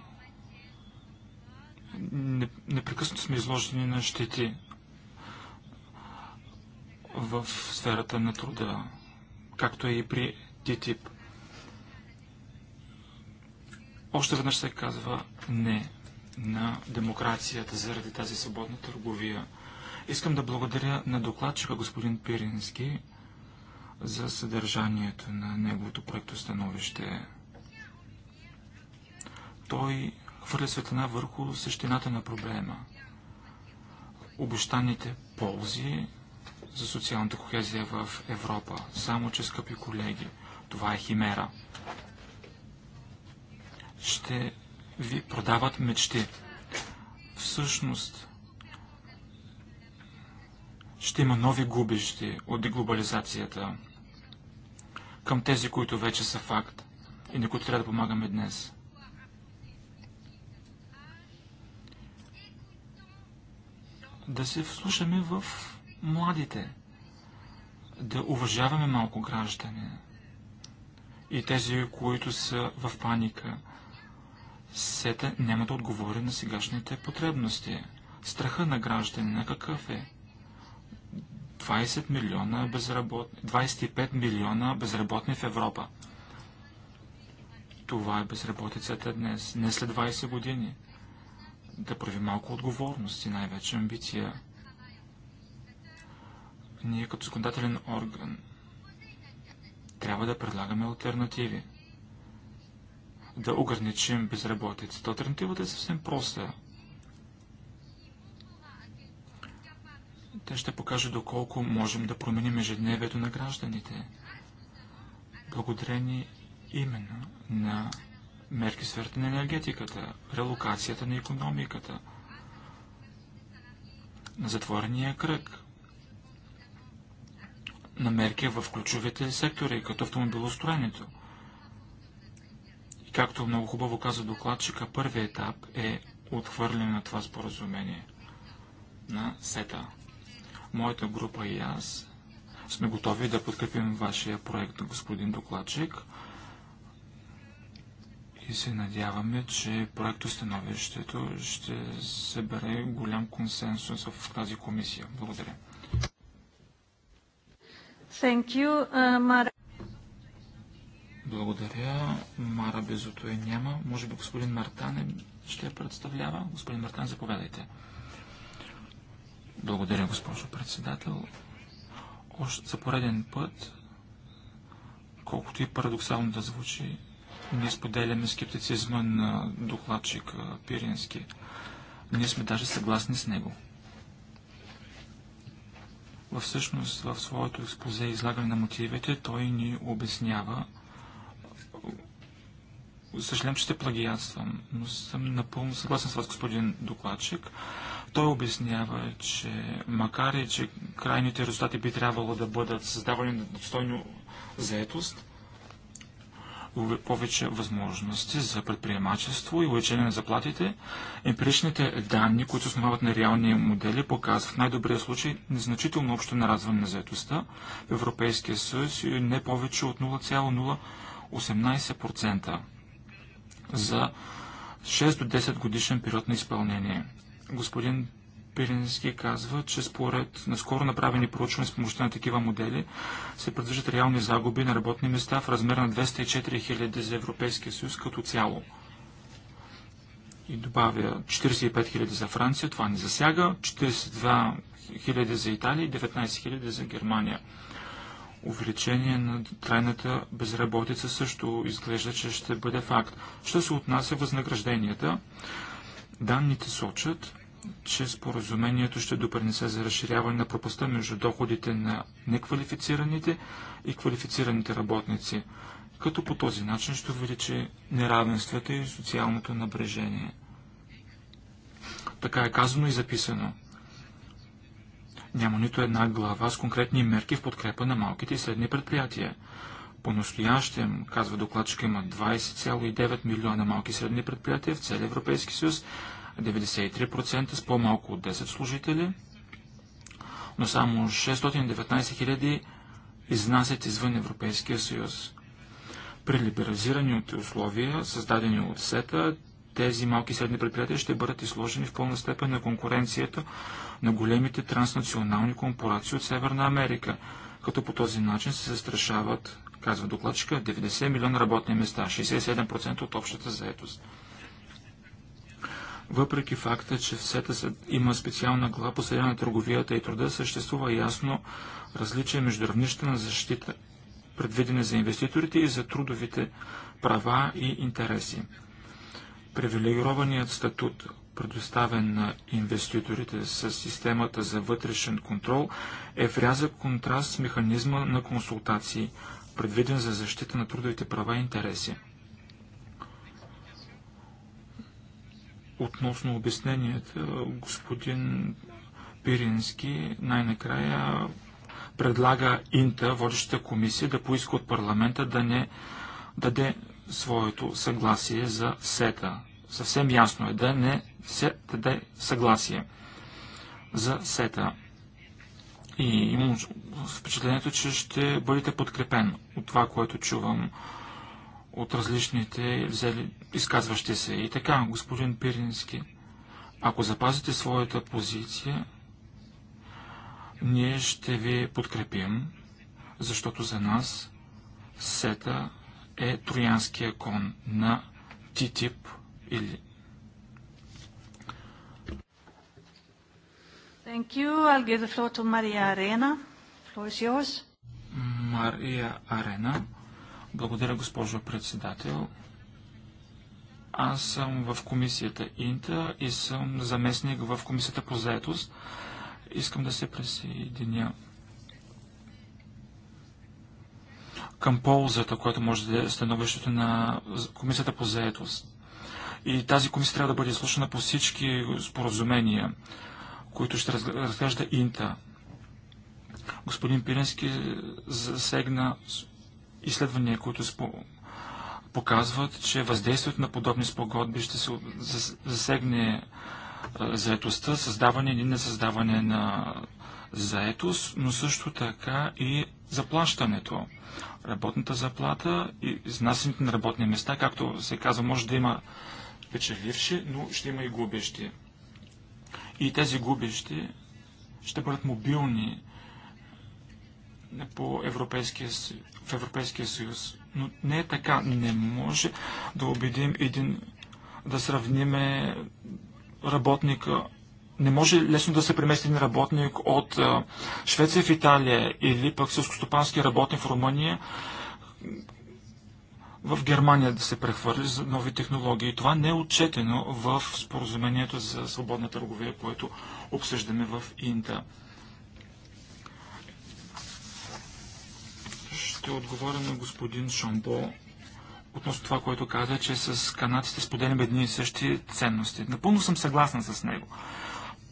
непрекъснато сме изложени на щети в сферата на труда, както е и при ТТИП. Още веднъж се казва не на демокрацията заради тази свободна търговия. Искам да благодаря на докладчика господин Пирински за съдържанието на неговото проекто становище. Той хвърля светлина върху същината на проблема. Обещаните ползи за социалната кохезия в Европа. Само, че, скъпи колеги, това е химера ще ви продават мечти. Всъщност, ще има нови губещи от деглобализацията към тези, които вече са факт и на които трябва да помагаме днес. Да се вслушаме в младите, да уважаваме малко граждане и тези, които са в паника – СЕТА няма да отговори на сегашните потребности. Страха на граждане на какъв е? 20 милиона безработ... 25 милиона безработни в Европа. Това е безработицата днес, не след 20 години. Да прави малко отговорност и най-вече амбиция. Ние като законодателен орган трябва да предлагаме альтернативи да ограничим безработицата. Альтернативата е съвсем проста. Те ще покажат доколко можем да променим ежедневието на гражданите. Благодарение именно на мерки сферата на енергетиката, релокацията на економиката, на затворения кръг, на мерки в ключовите сектори, като автомобилостроенето – Както много хубаво каза докладчика, първият етап е отхвърляне на това споразумение на СЕТА. Моята група и аз сме готови да подкрепим вашия проект, господин докладчик. И се надяваме, че проектостановището ще събере голям консенсус в тази комисия. Благодаря. Thank you, uh, благодаря. Мара Безото е няма. Може би господин Мартан е- ще я представлява. Господин Мартан, заповядайте. Благодаря, госпожо председател. Още за пореден път, колкото и парадоксално да звучи, ние споделяме скептицизма на докладчик Пирински. Ние сме даже съгласни с него. Всъщност, в своето експозе излагане на мотивите, той ни обяснява, Съжалявам, че ще плагиатствам, но съм напълно съгласен с вас, господин докладчик. Той обяснява, че макар и че крайните резултати би трябвало да бъдат създавани на достойно заетост, повече възможности за предприемачество и увеличение на заплатите, емпиричните данни, които основават на реални модели, показват в най-добрия случай незначително общо наразване на заетостта в Европейския съюз и не повече от 0,018% за 6 до 10 годишен период на изпълнение. Господин Пирински казва, че според наскоро направени проучвания с помощта на такива модели се предвиждат реални загуби на работни места в размер на 204 000 за Европейския съюз като цяло. И добавя 45 000 за Франция, това не засяга, 42 000 за Италия и 19 000 за Германия. Увеличение на трайната безработица също изглежда, че ще бъде факт. Що се отнася възнагражденията, данните сочат, че споразумението ще допринесе за разширяване на пропаста между доходите на неквалифицираните и квалифицираните работници, като по този начин ще увеличи неравенствата и социалното напрежение. Така е казано и записано. Няма нито една глава с конкретни мерки в подкрепа на малките и средни предприятия. По-настоящем, казва докладчика, има 20,9 милиона малки и средни предприятия в целия Европейски съюз, 93% с по-малко от 10 служители, но само 619 хиляди изнасят извън Европейския съюз. При либерализирани от условия, създадени от СЕТА, тези малки и средни предприятия ще бъдат изложени в пълна степен на конкуренцията на големите транснационални корпорации от Северна Америка, като по този начин се застрашават, казва докладчика, 90 милиона работни места, 67% от общата заетост. Въпреки факта, че в СЕТА има специална глава по на търговията и труда, съществува ясно различие между равнище на защита, предвидени за инвеститорите и за трудовите права и интереси. Привилегированият статут, предоставен на инвеститорите с системата за вътрешен контрол, е в рязък контраст с механизма на консултации, предвиден за защита на трудовите права и интереси. Относно обясненията, господин Пирински най-накрая предлага Инта, водещата комисия, да поиска от парламента да не даде своето съгласие за сета. Съвсем ясно е да не се даде съгласие за сета. И имам впечатлението, че ще бъдете подкрепен от това, което чувам от различните взели, изказващи се. И така, господин Пирински, ако запазите своята позиция, ние ще ви подкрепим, защото за нас сета е троянския кон на Титип или Thank you. I'll give the floor to Maria Arena. Floor is yours. Мария Арена. Благодаря, госпожо председател. Аз съм в комисията Инта и съм заместник в комисията по заетост. Искам да се присъединя към ползата, която може да е становището на Комисията по заетост. И тази комисия трябва да бъде изслушана по всички споразумения, които ще разглежда Инта. Господин Пиренски засегна изследвания, които показват, че въздействието на подобни спогодби ще се засегне заетостта, създаване или несъздаване на заетост, но също така и заплащането. Работната заплата и изнасянето на работни места, както се казва, може да има печеливши, но ще има и губещи. И тези губещи ще бъдат мобилни по Европейския, в Европейския съюз. Но не е така. Не може да убедим един да сравниме работника не може лесно да се премести един работник от Швеция в Италия или пък сълскостопански работник в Румъния в Германия да се прехвърли за нови технологии. Това не е отчетено в споразумението за свободна търговия, което обсъждаме в Инта. Ще отговоря на господин Шамбо относно това, което каза, че с канадците споделяме едни и същи ценности. Напълно съм съгласен с него.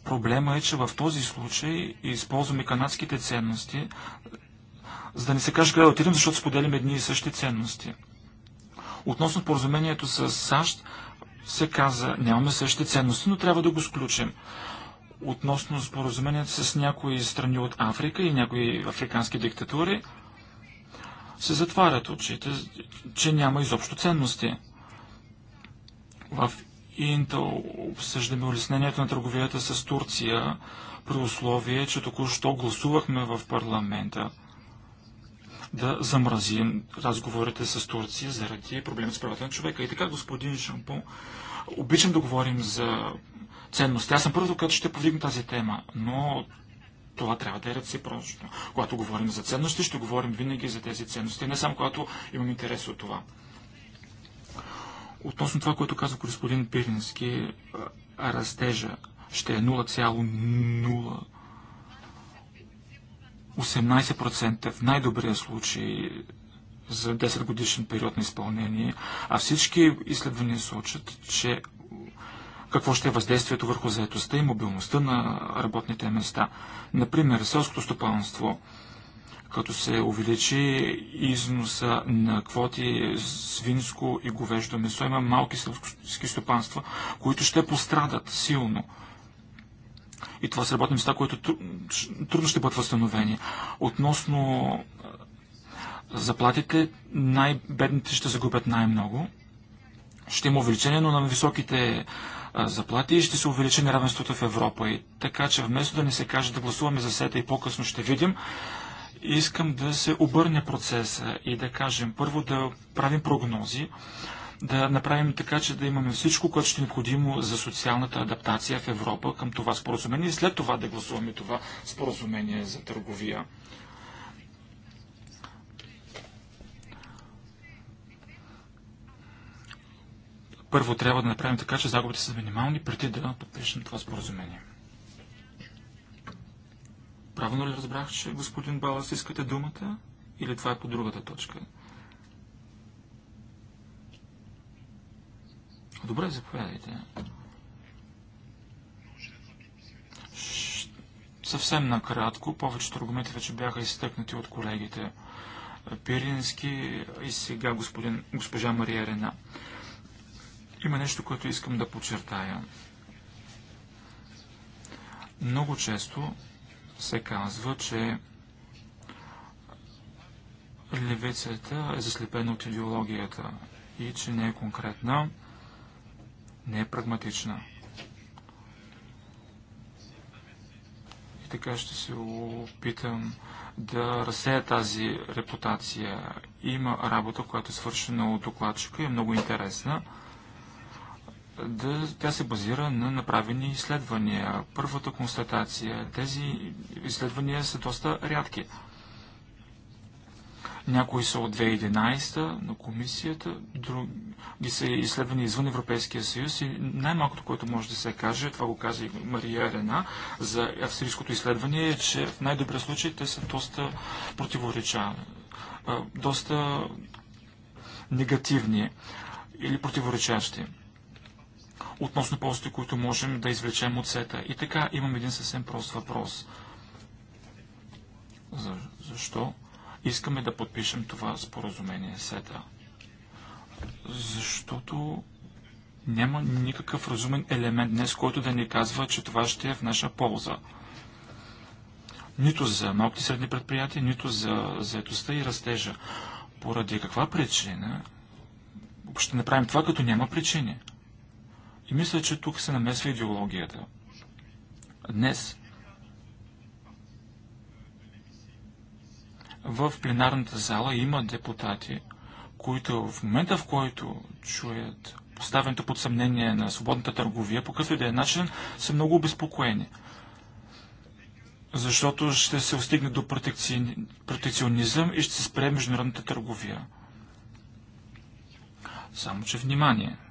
Проблема е, че в този случай използваме канадските ценности, за да не се каже къде отидем, защото споделим едни и същи ценности. Относно поразумението с САЩ, се каза, нямаме същите ценности, но трябва да го сключим. Относно споразумението с някои страни от Африка и някои африкански диктатури, се затварят очите, че няма изобщо ценности. В и Интел обсъждаме улеснението на търговията с Турция при условие, че току-що гласувахме в парламента да замразим разговорите с Турция заради проблеми с правата на човека. И така, господин Шампо, обичам да говорим за ценности. Аз съм първото, като ще повдигна тази тема, но това трябва да е реципрочно. Когато говорим за ценности, ще говорим винаги за тези ценности, не само когато имам интерес от това. Относно това, което каза господин Пирински, е, растежа ще е 0,018% в най-добрия случай за 10 годишен период на изпълнение, а всички изследвания сочат, че какво ще е въздействието върху заетостта и мобилността на работните места. Например, селското стопанство като се увеличи износа на квоти свинско и говеждо месо. Има малки селски стопанства, които ще пострадат силно. И това са работни места, които трудно ще бъдат възстановени. Относно заплатите, най-бедните ще загубят най-много. Ще има увеличение, но на високите заплати и ще се увеличи неравенството в Европа. И така че вместо да ни се каже да гласуваме за сета и по-късно ще видим, Искам да се обърне процеса и да кажем първо да правим прогнози, да направим така, че да имаме всичко, което ще е необходимо за социалната адаптация в Европа към това споразумение и след това да гласуваме това споразумение за търговия. Първо трябва да направим така, че загубите са минимални преди да подпишем това споразумение. Правилно ли разбрах, че господин Балас искате думата? Или това е по другата точка? Добре, заповядайте. Ш... Съвсем накратко, повечето аргументи вече бяха изтъкнати от колегите Пирински и сега господин, госпожа Мария Рена. Има нещо, което искам да подчертая. Много често се казва, че левицата е заслепена от идеологията и че не е конкретна, не е прагматична. И така ще се опитам да разсея тази репутация. Има работа, която е свършена от докладчика и е много интересна да, тя се базира на направени изследвания. Първата констатация, тези изследвания са доста рядки. Някои са от 2011 на комисията, други са изследвани извън Европейския съюз и най-малкото, което може да се каже, това го каза и Мария Рена, за австрийското изследване е, че в най-добрия случай те са доста противоречани, доста негативни или противоречащи относно ползите, които можем да извлечем от сета. И така имам един съвсем прост въпрос. За, защо искаме да подпишем това споразумение сета? Защото няма никакъв разумен елемент днес, който да ни казва, че това ще е в наша полза. Нито за малките средни предприятия, нито за заетостта и растежа. Поради каква причина ще направим това, като няма причини? И мисля, че тук се намесва идеологията. Днес в пленарната зала има депутати, които в момента, в който чуят поставянето под съмнение на свободната търговия, по какъвто и да е начин, са много обезпокоени. Защото ще се остигне до протекционизъм и ще се спре международната търговия. Само, че внимание –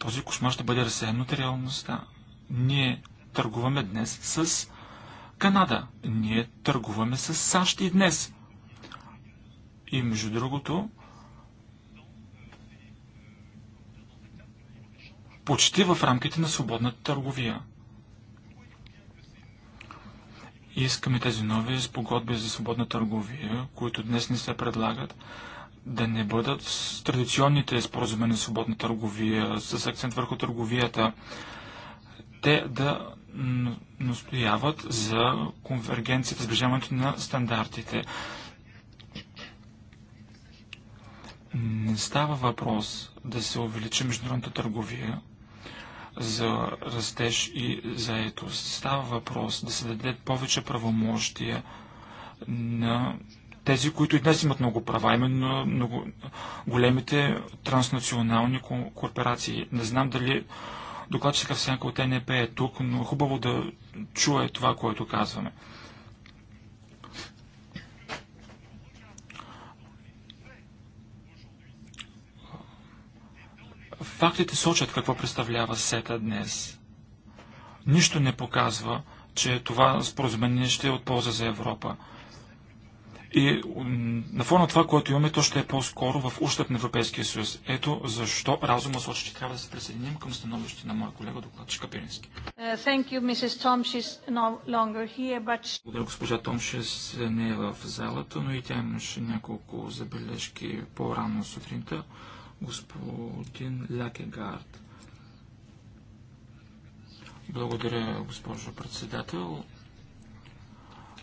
този кошмар ще бъде разсеян от реалността. Ние търгуваме днес с Канада. Ние търгуваме с САЩ и днес. И между другото, почти в рамките на свободната търговия. искаме тези нови спогодби за свободна търговия, които днес не се предлагат, да не бъдат с традиционните споразумения за свободна търговия, с акцент върху търговията, те да настояват за конвергенцията, сближаването на стандартите. Не става въпрос да се увеличи международната търговия за растеж и заетост. Става въпрос да се дадат повече правомощия на тези, които и днес имат много права, именно много големите транснационални корпорации. Не знам дали докладчика всяка от НП е тук, но хубаво да чуе това, което казваме. Фактите сочат какво представлява СЕТА днес. Нищо не показва, че това споразумение ще е от полза за Европа. И на фона това, което имаме, то ще е по-скоро в ущърп на Европейския съюз. Ето защо разума сочи, че трябва да се присъединим към становище на моя колега докладчик Капирински. Uh, Благодаря, госпожа Томшис не е в залата, но и тя имаше няколко забележки по-рано сутринта. Господин Лякегард. Благодаря, госпожо председател.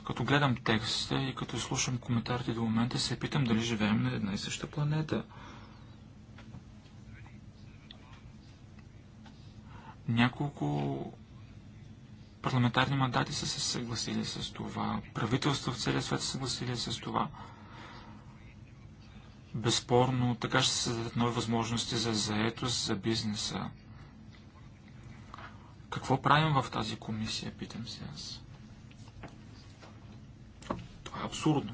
Като гледам текста и като слушам коментарите до момента, се питам дали живеем на една и съща планета. Няколко парламентарни мандати са се съгласили с това. Правителства в целия свят са съгласили с това. Безспорно, така ще се създадат нови възможности за заетост, за бизнеса. Какво правим в тази комисия, питам се аз. Е абсурдно.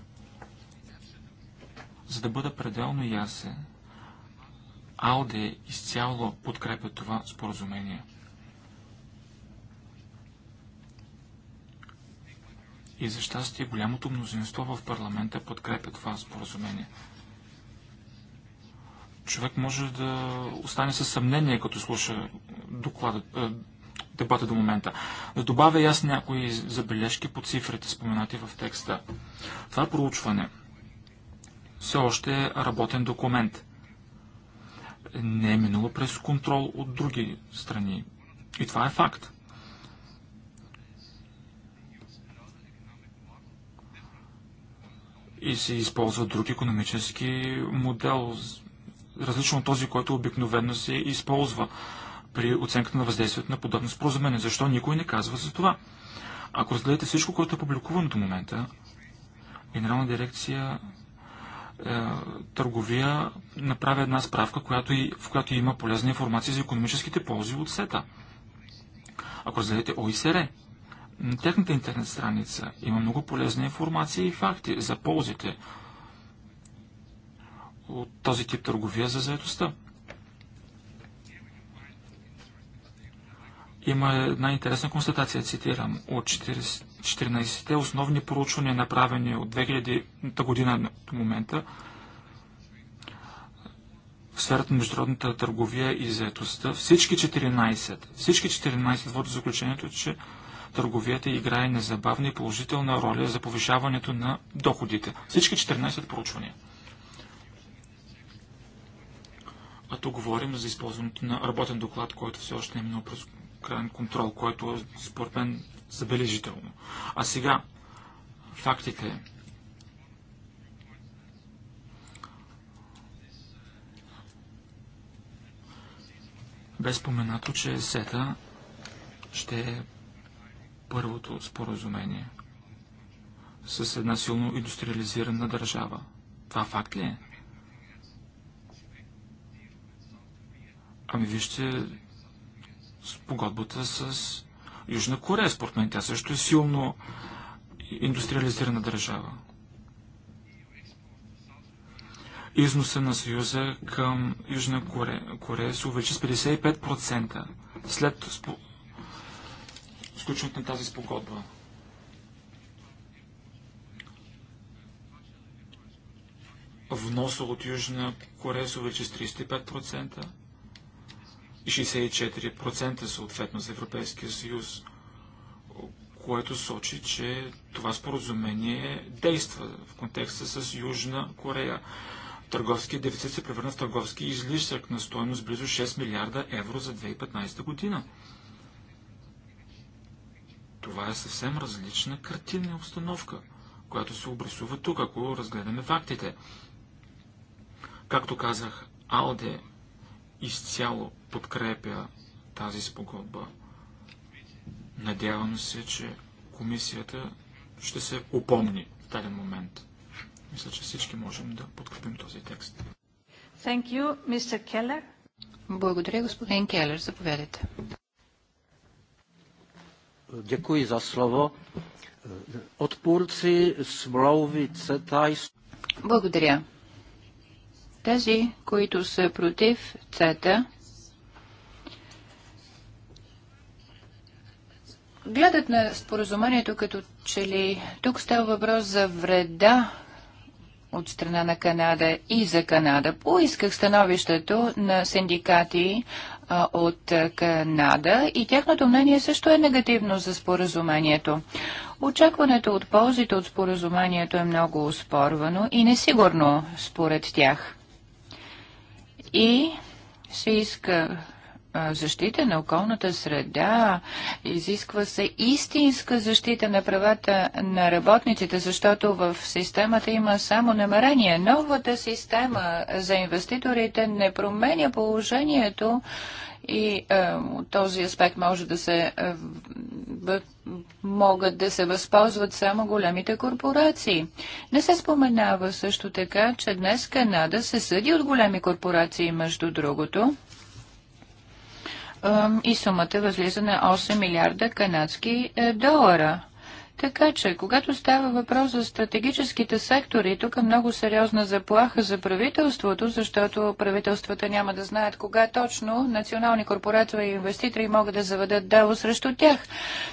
За да бъда пределно ясен, АЛДЕ изцяло подкрепя това споразумение. И за щастие голямото мнозинство в парламента подкрепя това споразумение. Човек може да остане със съмнение, като слуша доклада, е, дебата до момента. Да добавя и аз някои забележки по цифрите, споменати в текста. Това проучване все още е работен документ. Не е минало през контрол от други страни. И това е факт. И се използва друг економически модел, различно от този, който обикновено се използва при оценката на въздействието на подобно споразумение. Защо никой не казва за това? Ако разгледате всичко, което е публикувано до момента, Генерална дирекция е, търговия направи една справка, която и, в която има полезна информация за економическите ползи от СЕТА. Ако разгледате ОИСР, е, на техната интернет страница има много полезна информация и факти за ползите от този тип търговия за заедостта. Има една интересна констатация, цитирам, от 14-те основни проучвания, направени от 2000 та година до момента, в сферата на международната търговия и заетостта, всички 14, всички 14 водят заключението, че търговията играе незабавна и положителна роля за повишаването на доходите. Всички 14 проучвания. А тук говорим за използването на работен доклад, който все още не е минал през крайен контрол, което е според мен забележително. А сега фактите. Без споменато, че СЕТА ще е първото споразумение с една силно индустриализирана държава. Това факт ли е? Ами вижте спогодбата с Южна Корея. Според мен тя също е силно индустриализирана държава. Износа на Съюза към Южна Корея, Корея се увеличи с 55% след сключването на тази спогодба. Вноса от Южна Корея се увеличи с 35% и 64% съответно за Европейския съюз, което сочи, че това споразумение действа в контекста с Южна Корея. Търговският дефицит се превърна в търговски излишък на стоеност близо 6 милиарда евро за 2015 година. Това е съвсем различна картинна обстановка, която се обрисува тук, ако разгледаме фактите. Както казах, Алде изцяло подкрепя тази спогодба. Надявам се, че комисията ще се упомни в даден момент. Мисля, че всички можем да подкрепим този текст. Thank you, Mr. Keller. Благодаря, господин Келер. Заповядайте. за слово. slovo. Odpůrci smlouvy CETA... Благодаря. Тези, които са против ЦЕТА, гледат на споразумението като че ли тук става въпрос за вреда от страна на Канада и за Канада. Поисках становището на синдикати а, от Канада и тяхното мнение също е негативно за споразумението. Очакването от ползите от споразумението е много успорвано и несигурно според тях. И се иска защита на околната среда, изисква се истинска защита на правата на работниците, защото в системата има само намерение. Новата система за инвеститорите не променя положението и е, от този аспект може да се е, могат да се възползват само големите корпорации. Не се споменава също така, че днес Канада се съди от големи корпорации, между другото и сумата възлиза на 8 милиарда канадски е, долара. Така че, когато става въпрос за стратегическите сектори, тук е много сериозна заплаха за правителството, защото правителствата няма да знаят кога точно национални корпорации и инвеститори могат да заведат дело срещу тях.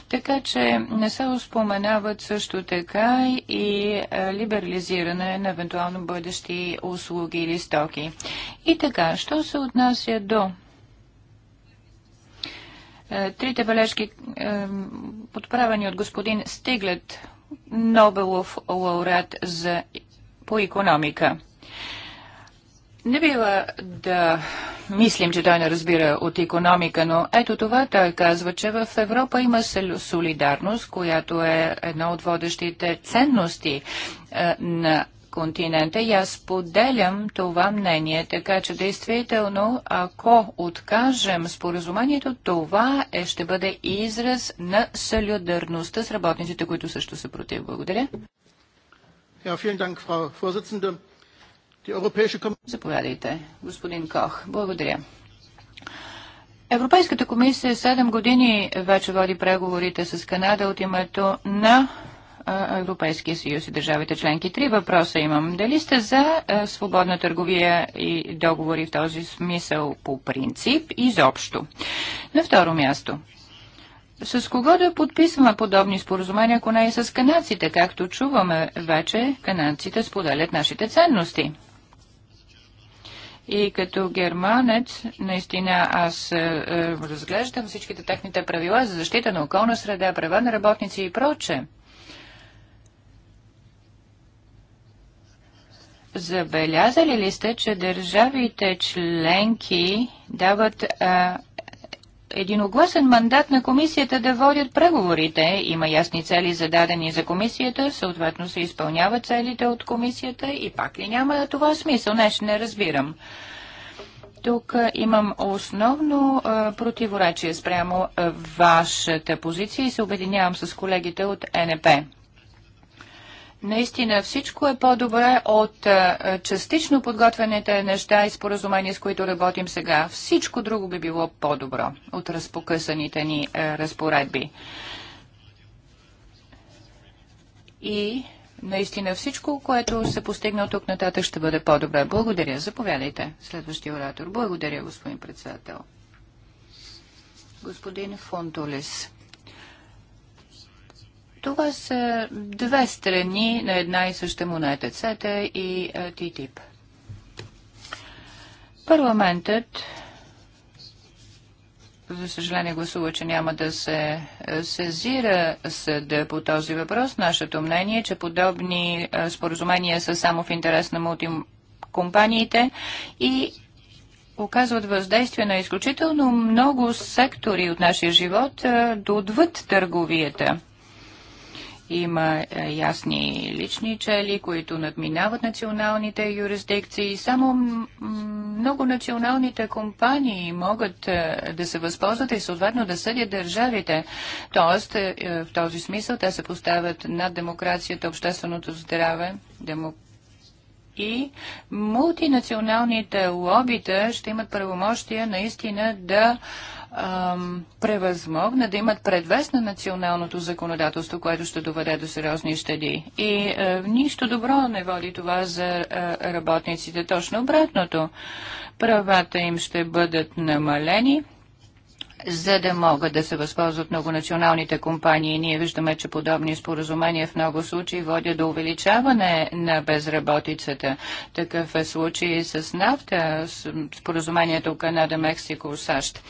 Така че не се споменават също така и е, либерализиране на евентуално бъдещи услуги или стоки. И така, що се отнася до е, трите бележки, е, подправени от господин Стиглет, Нобелов лауреат за, по економика. Не бива да мислим, че той не разбира от економика, но ето това той казва, че в Европа има солидарност, която е една от водещите ценности е, на континента и аз поделям това мнение, така че действително, ако откажем споразумението, това е, ще бъде израз на солидарността с работниците, които също са против. Благодаря. Заповядайте, господин Кох. Благодаря. Европейската комисия 7 години вече води преговорите с Канада от името на Европейския съюз и държавите членки. Три въпроса имам. Дали сте за свободна търговия и договори в този смисъл по принцип изобщо? На второ място. С кого да подписваме подобни споразумения, ако не и с канадците? Както чуваме вече, канадците споделят нашите ценности. И като германец, наистина аз е, е разглеждам всичките техните правила за защита на околна среда, права на работници и проче. Забелязали ли сте, че държавите членки дават а, единогласен мандат на комисията да водят преговорите. Има ясни цели зададени за комисията, съответно се изпълняват целите от комисията и пак ли няма това смисъл? Не ще не разбирам. Тук имам основно а, противоречие спрямо а, вашата позиция и се обединявам с колегите от НП. Наистина всичко е по-добре от е, е, частично подготвените неща и споразумения, с които работим сега. Всичко друго би било по-добро от разпокъсаните ни е, разпоредби. И наистина всичко, което се постигна тук нататък, ще бъде по-добре. Благодаря. Заповядайте, следващия оратор. Благодаря, господин председател. Господин Фонтолес. Това са две страни на една и съща монета ЦЕТА и ТТИП. Е, Парламентът за съжаление гласува, че няма да се е, сезира съда по този въпрос. Нашето мнение е, че подобни е, споразумения са само в интерес на мултикомпаниите и оказват въздействие на изключително много сектори от нашия живот до отвъд търговията. Има е, ясни лични чели, които надминават националните юрисдикции. Само много националните компании могат е, да се възползват и съответно да съдят държавите. Тоест, е, в този смисъл те се поставят над демокрацията, общественото здраве, демокрацията и мултинационалните лобита ще имат правомощия наистина да ам, превъзмогна да имат предвест на националното законодателство, което ще доведе до сериозни щеди. И а, е, нищо добро не води това за а, е, работниците. Точно обратното. Правата им ще бъдат намалени за да могат да се възползват многонационалните компании. Ние виждаме, че подобни споразумения в много случаи водят до увеличаване на безработицата. Такъв е случай с нафта, споразумението Канада, Мексико, САЩ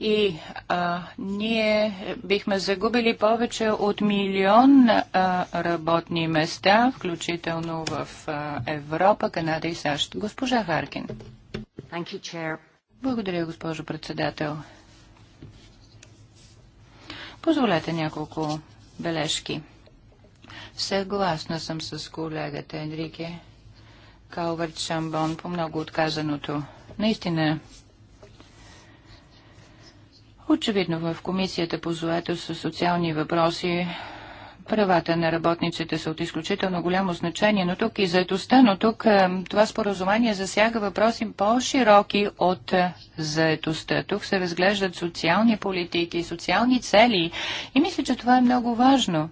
и а, ние бихме загубили повече от милион а, работни места, включително в а, Европа, Канада и САЩ. Госпожа Харкин. Благодаря, госпожо председател. Позволете няколко бележки. Съгласна съм с колегата Енрике Калвард Шамбон по много отказаното. Наистина, очевидно в Комисията по заето с социални въпроси Правата на работниците са от изключително голямо значение, но тук и заетостта, но тук е, това споразумение засяга въпроси по-широки от е, заетостта. Тук се разглеждат социални политики, социални цели и мисля, че това е много важно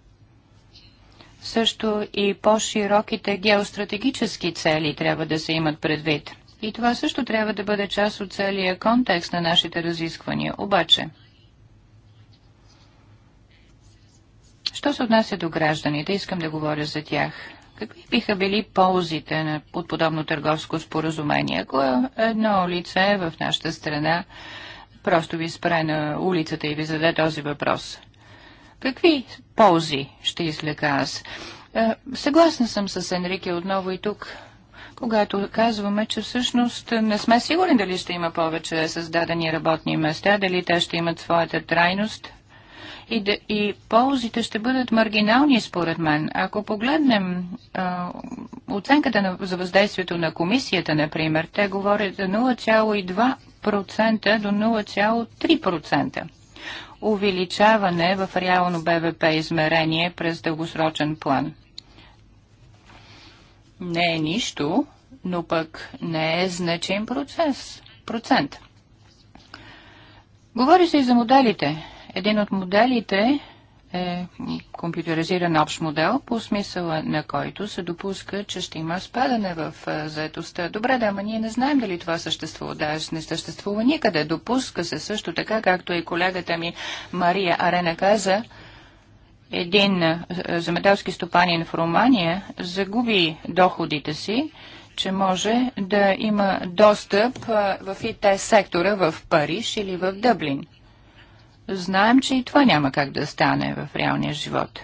също и по-широките геостратегически цели трябва да се имат предвид. И това също трябва да бъде част от целия контекст на нашите разисквания. Обаче, Що се отнася до гражданите, искам да говоря за тях. Какви биха били ползите от подобно търговско споразумение, ако едно лице в нашата страна просто ви спре на улицата и ви зададе този въпрос? Какви ползи ще излека аз? Е, съгласна съм с Енрике отново и тук, когато казваме, че всъщност не сме сигурни дали ще има повече създадени работни места, дали те ще имат своята трайност, и, да, и ползите ще бъдат маргинални, според мен. Ако погледнем а, оценката на, за въздействието на комисията, например, те говорят за 0,2% до 0,3% увеличаване в реално БВП измерение през дългосрочен план. Не е нищо, но пък не е значим процес, процент. Говори се и за моделите. Един от моделите е компютеризиран общ модел, по смисъла на който се допуска, че ще има спадане в заетостта. Добре, да, ама ние не знаем дали това съществува. Да, не съществува никъде. Допуска се също така, както и колегата ми Мария Арена каза, един земеделски стопанин в Румания загуби доходите си, че може да има достъп в ИТ сектора в Париж или в Дъблин знаем, че и това няма как да стане в реалния живот.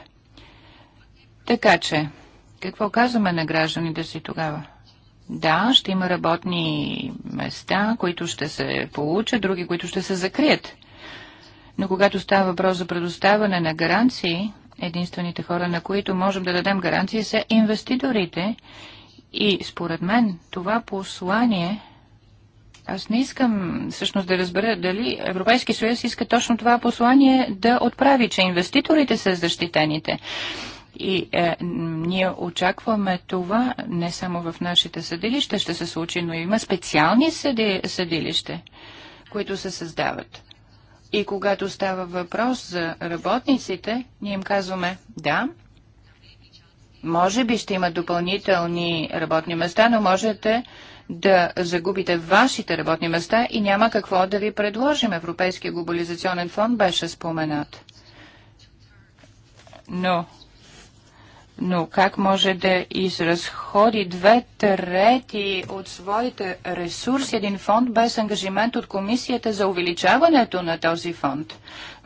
Така че, какво казваме на гражданите си тогава? Да, ще има работни места, които ще се получат, други, които ще се закрият. Но когато става въпрос за предоставане на гаранции, единствените хора, на които можем да дадем гаранции, са инвеститорите. И според мен това послание аз не искам всъщност да разбера дали Европейски съюз иска точно това послание да отправи, че инвеститорите са защитените. И е, ние очакваме това не само в нашите съдилища ще се случи, но има специални съди, съдилища, които се създават. И когато става въпрос за работниците, ние им казваме да, може би ще има допълнителни работни места, но можете да загубите вашите работни места и няма какво да ви предложим. Европейския глобализационен фонд беше споменат. Но но как може да изразходи две трети от своите ресурси един фонд без ангажимент от комисията за увеличаването на този фонд?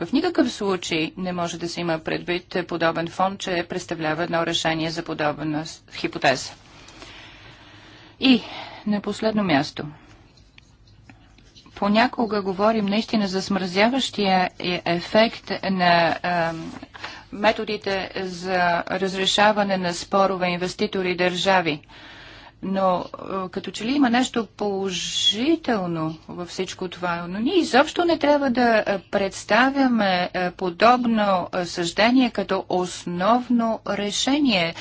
В никакъв случай не може да се има предвид подобен фонд, че представлява едно решение за подобна хипотеза. И на последно място. Понякога говорим наистина за смразяващия е ефект на а, методите за разрешаване на спорове инвеститори и държави. Но е, като че ли има нещо положително във всичко това, но ние изобщо не трябва да е, представяме е, подобно съждение като основно решение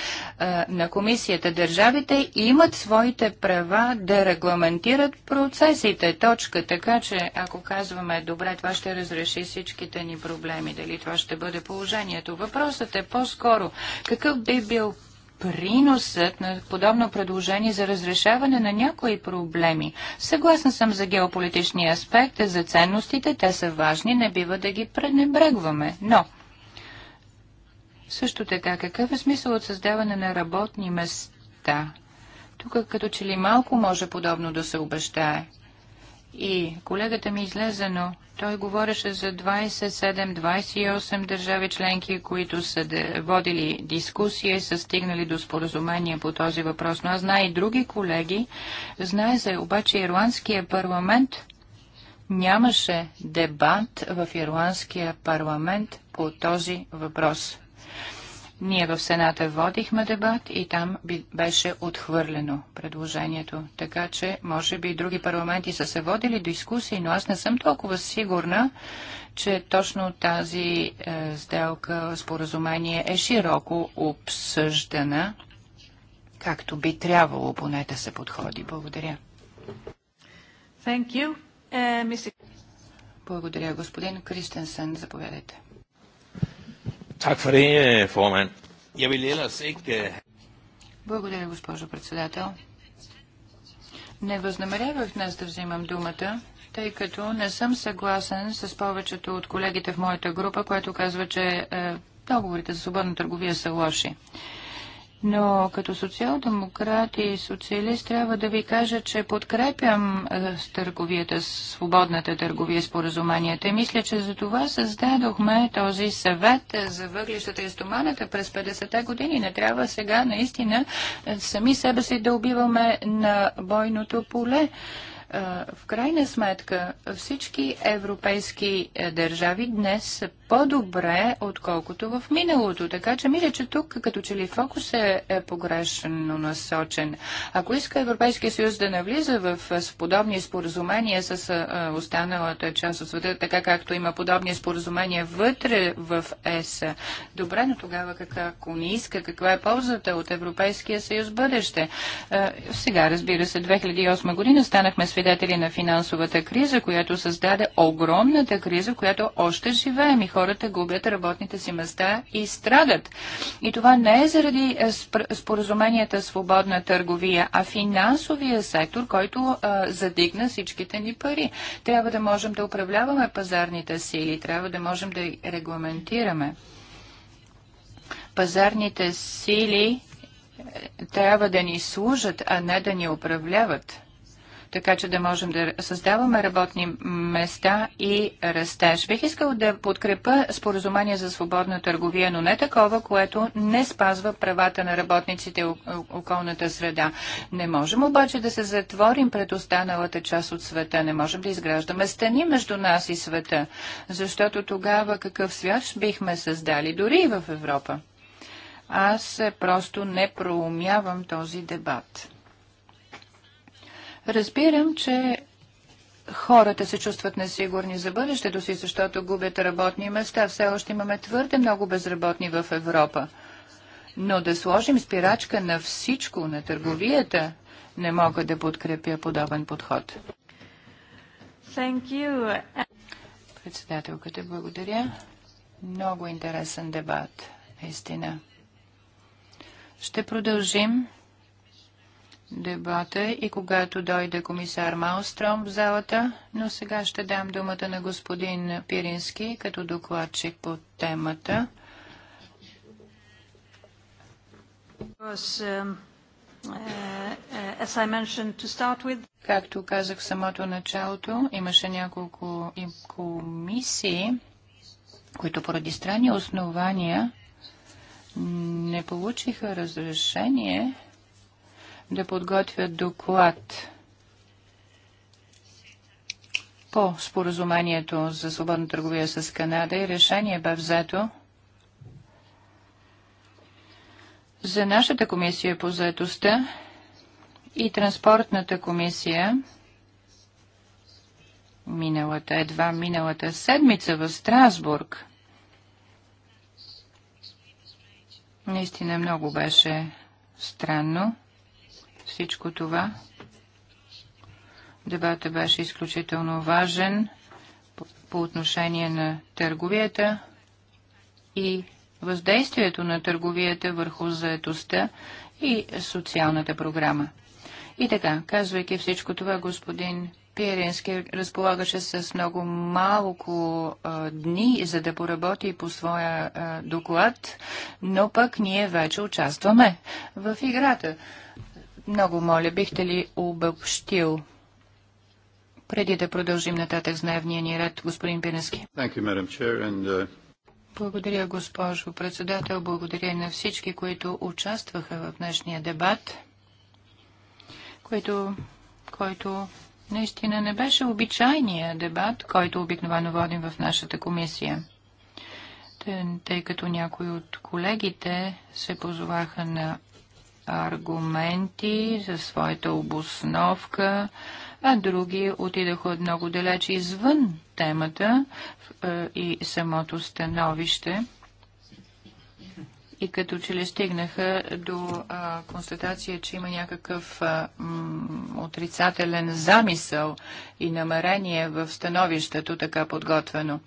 на комисията. Държавите имат своите права да регламентират процесите. Точка. Така че, ако казваме, добре, това ще разреши всичките ни проблеми, дали това ще бъде положението. Въпросът е по-скоро какъв би бил приносът на подобно предложение за разрешаване на някои проблеми. Съгласна съм за геополитичния аспект, за ценностите, те са важни, не бива да ги пренебрегваме. Но също така, какъв е смисъл от създаване на работни места? Тук като че ли малко може подобно да се обещае. И колегата ми излезе, но той говореше за 27-28 държави членки, които са водили дискусия и са стигнали до споразумение по този въпрос. Но аз знае и други колеги. Знае за обаче Ирландския парламент нямаше дебат в Ирландския парламент по този въпрос. Ние в Сената водихме дебат и там беше отхвърлено предложението. Така че, може би и други парламенти са се водили дискусии, но аз не съм толкова сигурна, че точно тази е, сделка, споразумение е широко обсъждана, както би трябвало поне да се подходи. Благодаря. Е, Благодаря, господин Кристенсен. Заповядайте. Так for det, øh, formand. Jeg vil ellers ikke... Øh, Благодаря, госпожо председател. Не възнамерявах днес да взимам думата, тъй като не съм съгласен с повечето от колегите в моята група, което казва, че е, договорите за свободна търговия са лоши но като социал-демократ и социалист трябва да ви кажа, че подкрепям с е, търговията, с свободната търговия споразуменията. Мисля, че за това създадохме този съвет за въглищата и стоманата през 50-те години. Не трябва сега наистина е, сами себе си да убиваме на бойното поле е, в крайна сметка всички европейски държави днес по-добре, отколкото в миналото. Така че мисля, че тук като че ли фокус е, е погрешно насочен. Ако иска Европейския съюз да навлиза в е, подобни споразумения с а, е, е, останалата част от света, така както има подобни споразумения вътре в ЕС, добре, но тогава кака, ако не иска, каква е ползата от Европейския съюз бъдеще? А, сега, разбира се, 2008 година станахме свидетели на финансовата криза, която създаде огромната криза, която още живеем хората губят работните си места и страдат. И това не е заради е, споразуменията свободна търговия, а финансовия сектор, който а, е, задигна всичките ни пари. Трябва да можем да управляваме пазарните сили, трябва да можем да регламентираме. Пазарните сили е, трябва да ни служат, а не да ни управляват така че да можем да създаваме работни места и растеж. Бих искал да подкрепа споразумение за свободна търговия, но не такова, което не спазва правата на работниците и околната среда. Не можем обаче да се затворим пред останалата част от света. Не можем да изграждаме стени между нас и света, защото тогава какъв свят бихме създали, дори и в Европа. Аз просто не проумявам този дебат. Разбирам, че хората се чувстват несигурни за бъдещето си, защото губят работни места. Все още имаме твърде много безработни в Европа. Но да сложим спирачка на всичко, на търговията, не мога да подкрепя подобен подход. Председателката, благодаря. Много интересен дебат, наистина. Ще продължим дебата и когато дойде комисар Малстром в залата, но сега ще дам думата на господин Пирински като докладчик по темата. Um, uh, Както казах в самото началото, имаше няколко комисии, които поради странни основания не получиха разрешение да подготвят доклад по споразумението за свободна търговия с Канада и решение бе взето за нашата комисия по заедостта и транспортната комисия миналата, едва миналата седмица в Страсбург. Наистина много беше странно всичко това. Дебата беше изключително важен по отношение на търговията и въздействието на търговията върху заетостта и социалната програма. И така, казвайки всичко това, господин Пиеренски разполагаше с много малко а, дни, за да поработи по своя а, доклад, но пък ние вече участваме в играта. Много моля, бихте ли обобщил преди да продължим нататък с дневния ни ред, господин Пинески. Uh, Благодаря, госпожо председател. Благодаря на всички, които участваха в днешния дебат, който, който наистина не беше обичайния дебат, който обикновено водим в нашата комисия. Тъй, тъй като някои от колегите се позоваха на аргументи, за своята обосновка, а други отидаха от много далеч извън темата е, и самото становище и като че ли стигнаха до а, констатация, че има някакъв а, м, отрицателен замисъл и намерение в становището така подготвено.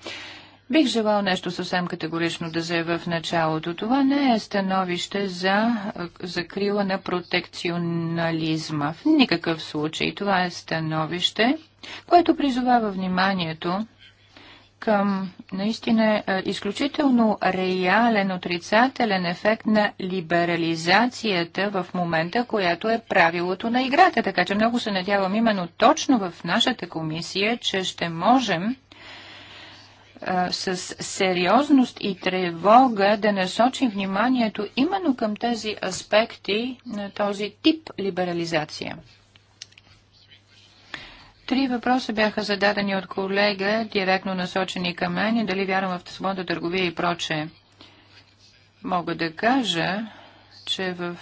Бих желал нещо съвсем категорично да заявя в началото. Това не е становище за закрила на протекционализма. В никакъв случай. Това е становище, което призовава вниманието към наистина изключително реален отрицателен ефект на либерализацията в момента, която е правилото на играта. Така че много се надявам именно точно в нашата комисия, че ще можем с сериозност и тревога да насочим вниманието именно към тези аспекти на този тип либерализация. Три въпроса бяха зададени от колега, директно насочени към мен и дали вярвам в свобода търговия и прочее. Мога да кажа, че в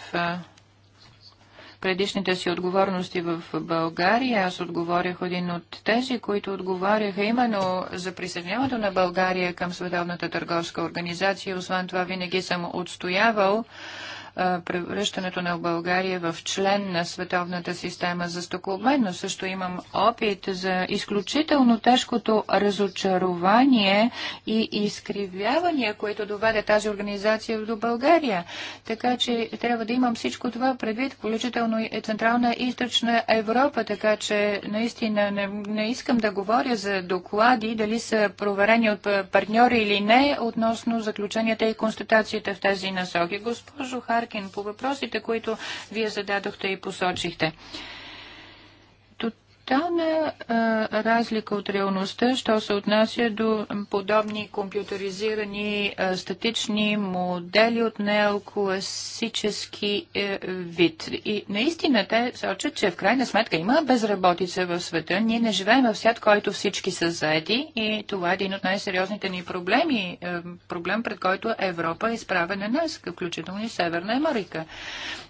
предишните си отговорности в България. Аз отговорях един от тези, които отговаряха именно за присъединяването на България към Световната търговска организация. Освен това, винаги съм отстоявал превръщането на България в член на световната система за стокообмен, но също имам опит за изключително тежкото разочарование и изкривявания, които доведе тази организация до България. Така че трябва да имам всичко това предвид, включително и Централна и Източна Европа, така че наистина не, не искам да говоря за доклади, дали са проверени от партньори или не, относно заключенията и констатациите в тези насоки. Госпожо Хар, Харкин по въпросите, които вие зададохте и посочихте брутална а, разлика от реалността, що се отнася до подобни компютъризирани а, статични модели от неокласически е, вид. И наистина те сочат, че в крайна сметка има безработица в света. Ние не живеем в свят, който всички са заети и това е един от най-сериозните ни проблеми, е, проблем пред който Европа е изправена нас, включително и Северна Америка.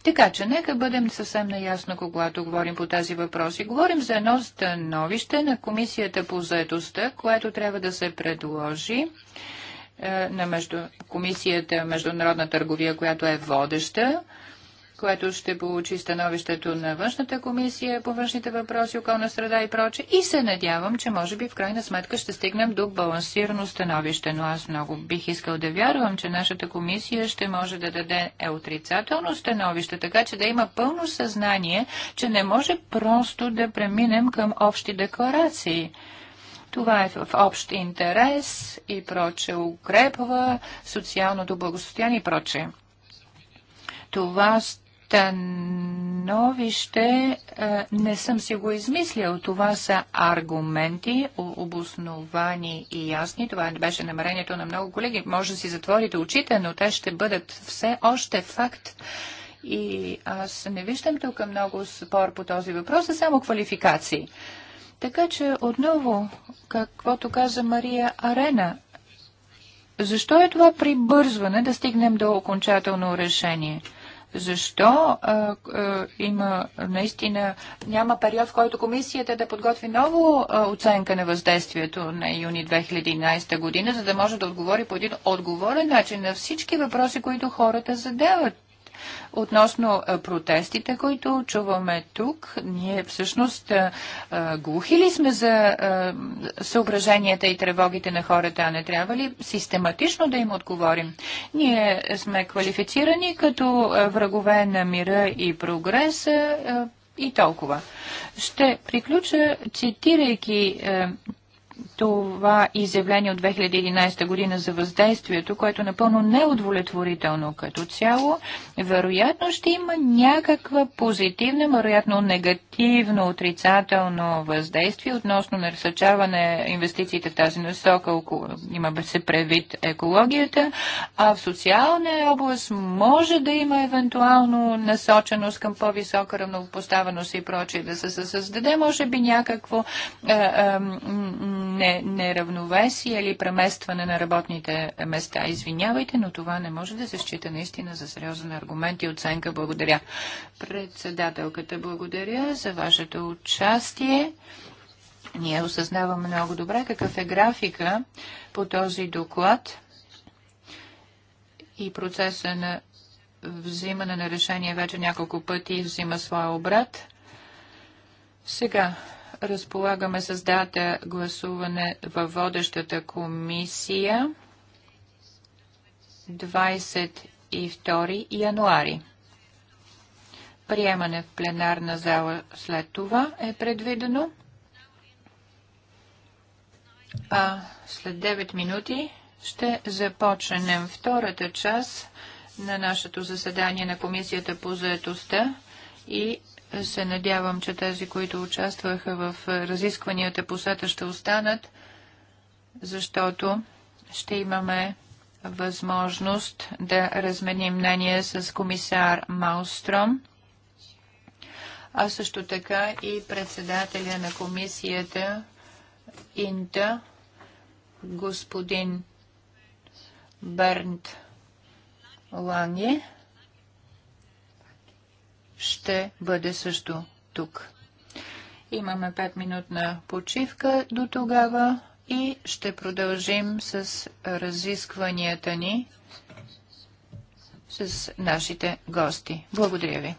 Така че нека бъдем съвсем наясно, когато говорим по тази въпроси. Говорим за едно едно становище на Комисията по заедостта, което трябва да се предложи е, на Комисията Международна търговия, която е водеща което ще получи становището на външната комисия по външните въпроси, околна среда и проче. И се надявам, че може би в крайна сметка ще стигнем до балансирано становище. Но аз много бих искал да вярвам, че нашата комисия ще може да даде е отрицателно становище, така че да има пълно съзнание, че не може просто да преминем към общи декларации. Това е в общ интерес и проче, укрепва социалното благосостояние и проче. Това становище е, не съм си го измислил. Това са аргументи, обосновани и ясни. Това беше намерението на много колеги. Може да си затворите очите, но те ще бъдат все още факт. И аз не виждам тук много спор по този въпрос, а само квалификации. Така че отново, каквото каза Мария Арена, защо е това прибързване да стигнем до окончателно решение? Защо а, а, има наистина няма период, в който комисията да подготви ново а, оценка на въздействието на юни 2011 година, за да може да отговори по един отговорен начин на всички въпроси, които хората задават? Относно протестите, които чуваме тук, ние всъщност глухи ли сме за съображенията и тревогите на хората, а не трябва ли систематично да им отговорим? Ние сме квалифицирани като врагове на мира и прогреса и толкова. Ще приключа цитирайки това изявление от 2011 година за въздействието, което е напълно неудовлетворително като цяло, вероятно ще има някаква позитивна, вероятно негативно, отрицателно въздействие относно насърчаване инвестициите в тази насока, около, има се предвид екологията, а в социална област може да има евентуално насоченост към по-висока равнопоставеност и прочие да се създаде може би някакво е, е, неравновесие или преместване на работните места. Извинявайте, но това не може да се счита наистина за сериозен аргумент и оценка. Благодаря. Председателката, благодаря за вашето участие. Ние осъзнаваме много добре какъв е графика по този доклад и процеса на взимане на решение вече няколко пъти взима своя обрат. Сега разполагаме с дата гласуване във водещата комисия 22 януари. Приемане в пленарна зала след това е предвидено. А след 9 минути ще започнем втората част на нашето заседание на Комисията по заедостта и се надявам, че тези, които участваха в разискванията по сета, ще останат, защото ще имаме възможност да разменим мнение с комисар Маустром, а също така и председателя на комисията Инта, господин Бернт Ланге ще бъде също тук. Имаме 5-минутна почивка до тогава и ще продължим с разискванията ни с нашите гости. Благодаря ви.